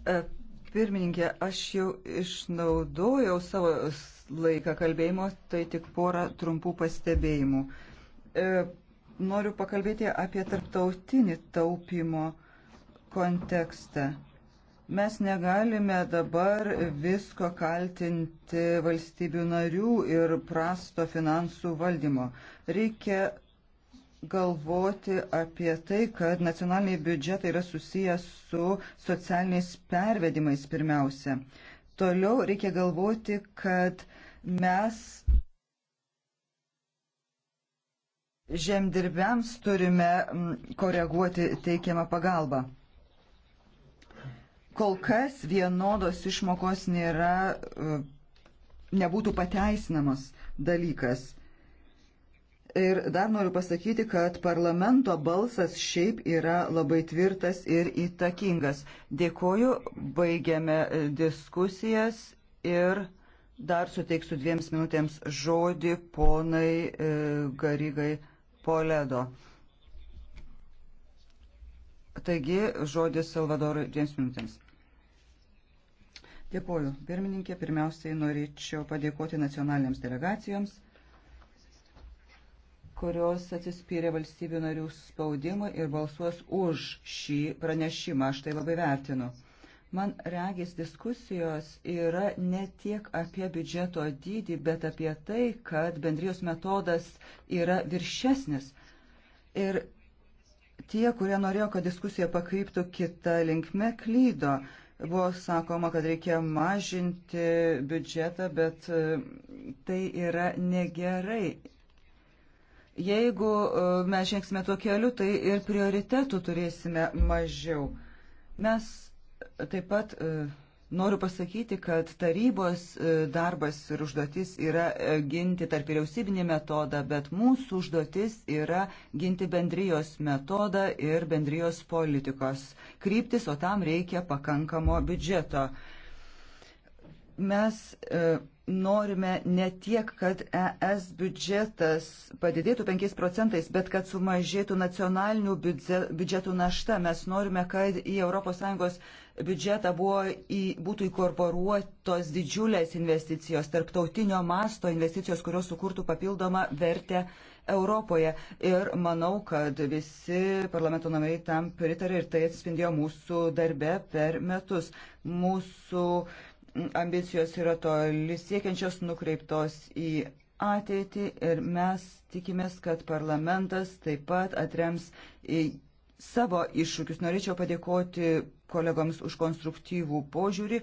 E, pirmininkė, aš jau išnaudojau savo laiką kalbėjimo, tai tik porą trumpų pastebėjimų. Noriu pakalbėti apie tarptautinį taupimo uh, kontekstą. Mes negalime dabar visko kaltinti valstybių narių ir prasto finansų valdymo. Reikia galvoti apie tai, kad nacionaliniai biudžetai yra susijęs su socialiniais pervedimais pirmiausia. Toliau reikia galvoti, kad mes žemdirbiams turime mm, koreguoti teikiamą pagalbą kol kas vienodos išmokos nėra, e, nebūtų pateisinamas dalykas. Ir dar noriu pasakyti, kad parlamento balsas šiaip yra labai tvirtas ir įtakingas. Dėkoju, baigiame e, diskusijas ir dar suteiksiu dviems minutėms žodį ponai e, Garygai Poledo. Taigi, žodis Salvadorui dviems minutėms. Dėkuoju, pirmininkė. Pirmiausiai norėčiau padėkoti nacionalinėms delegacijoms, kurios atsispyrė valstybių narių spaudimui ir balsuos už šį pranešimą. Aš tai labai vertinu. Man regis diskusijos yra ne tiek apie biudžeto dydį, bet apie tai, kad bendrijos metodas yra viršesnis. Ir tie, kurie norėjo, kad diskusija pakryptų kitą linkme, klydo. Buvo sakoma, kad reikia mažinti biudžetą, bet e, tai yra negerai. Jeigu e, mes žengsime tuo keliu, tai ir prioritetų turėsime mažiau. Mes taip pat e, Noriu pasakyti, kad tarybos e, darbas ir užduotis yra e, ginti tarp vyriausybinį metodą, bet mūsų užduotis yra ginti bendrijos metodą ir bendrijos politikos kryptis, o tam reikia pakankamo biudžeto. Mes e, norime ne tiek, kad ES biudžetas padidėtų 5 procentais, bet kad sumažėtų nacionalinių biudžetų našta. Mes norime, kad į ES biudžetą buvo, į, būtų įkorporuotos didžiulės investicijos, tarptautinio masto investicijos, kurios sukurtų papildomą vertę Europoje. Ir manau, kad visi parlamento nariai tam pritarė ir tai atsispindėjo mūsų darbe per metus. Mūsų uh, ambicijos yra toli siekiančios nukreiptos į ateitį ir mes tikimės, kad parlamentas taip pat atrems į savo iššūkius. Norėčiau padėkoti kolegoms už konstruktyvų požiūrį,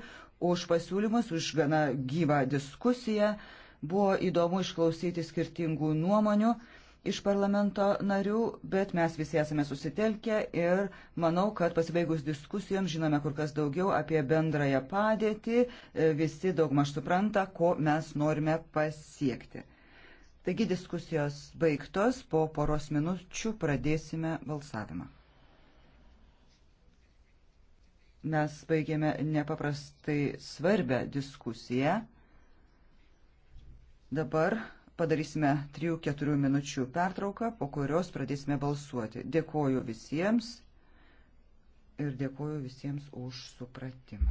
už pasiūlymus, už gana gyvą diskusiją. Buvo įdomu išklausyti skirtingų nuomonių iš parlamento narių, bet mes visi esame susitelkę ir manau, kad pasibaigus diskusijom žinome kur kas daugiau apie bendrąją padėtį, e, visi daugmaž supranta, ko mes norime pasiekti. Taigi diskusijos baigtos, po poros minučių pradėsime balsavimą. Mes baigėme nepaprastai svarbę diskusiją. Dabar padarysime 3-4 minučių pertrauką, po kurios pradėsime balsuoti. Dėkoju visiems ir dėkoju visiems už supratimą.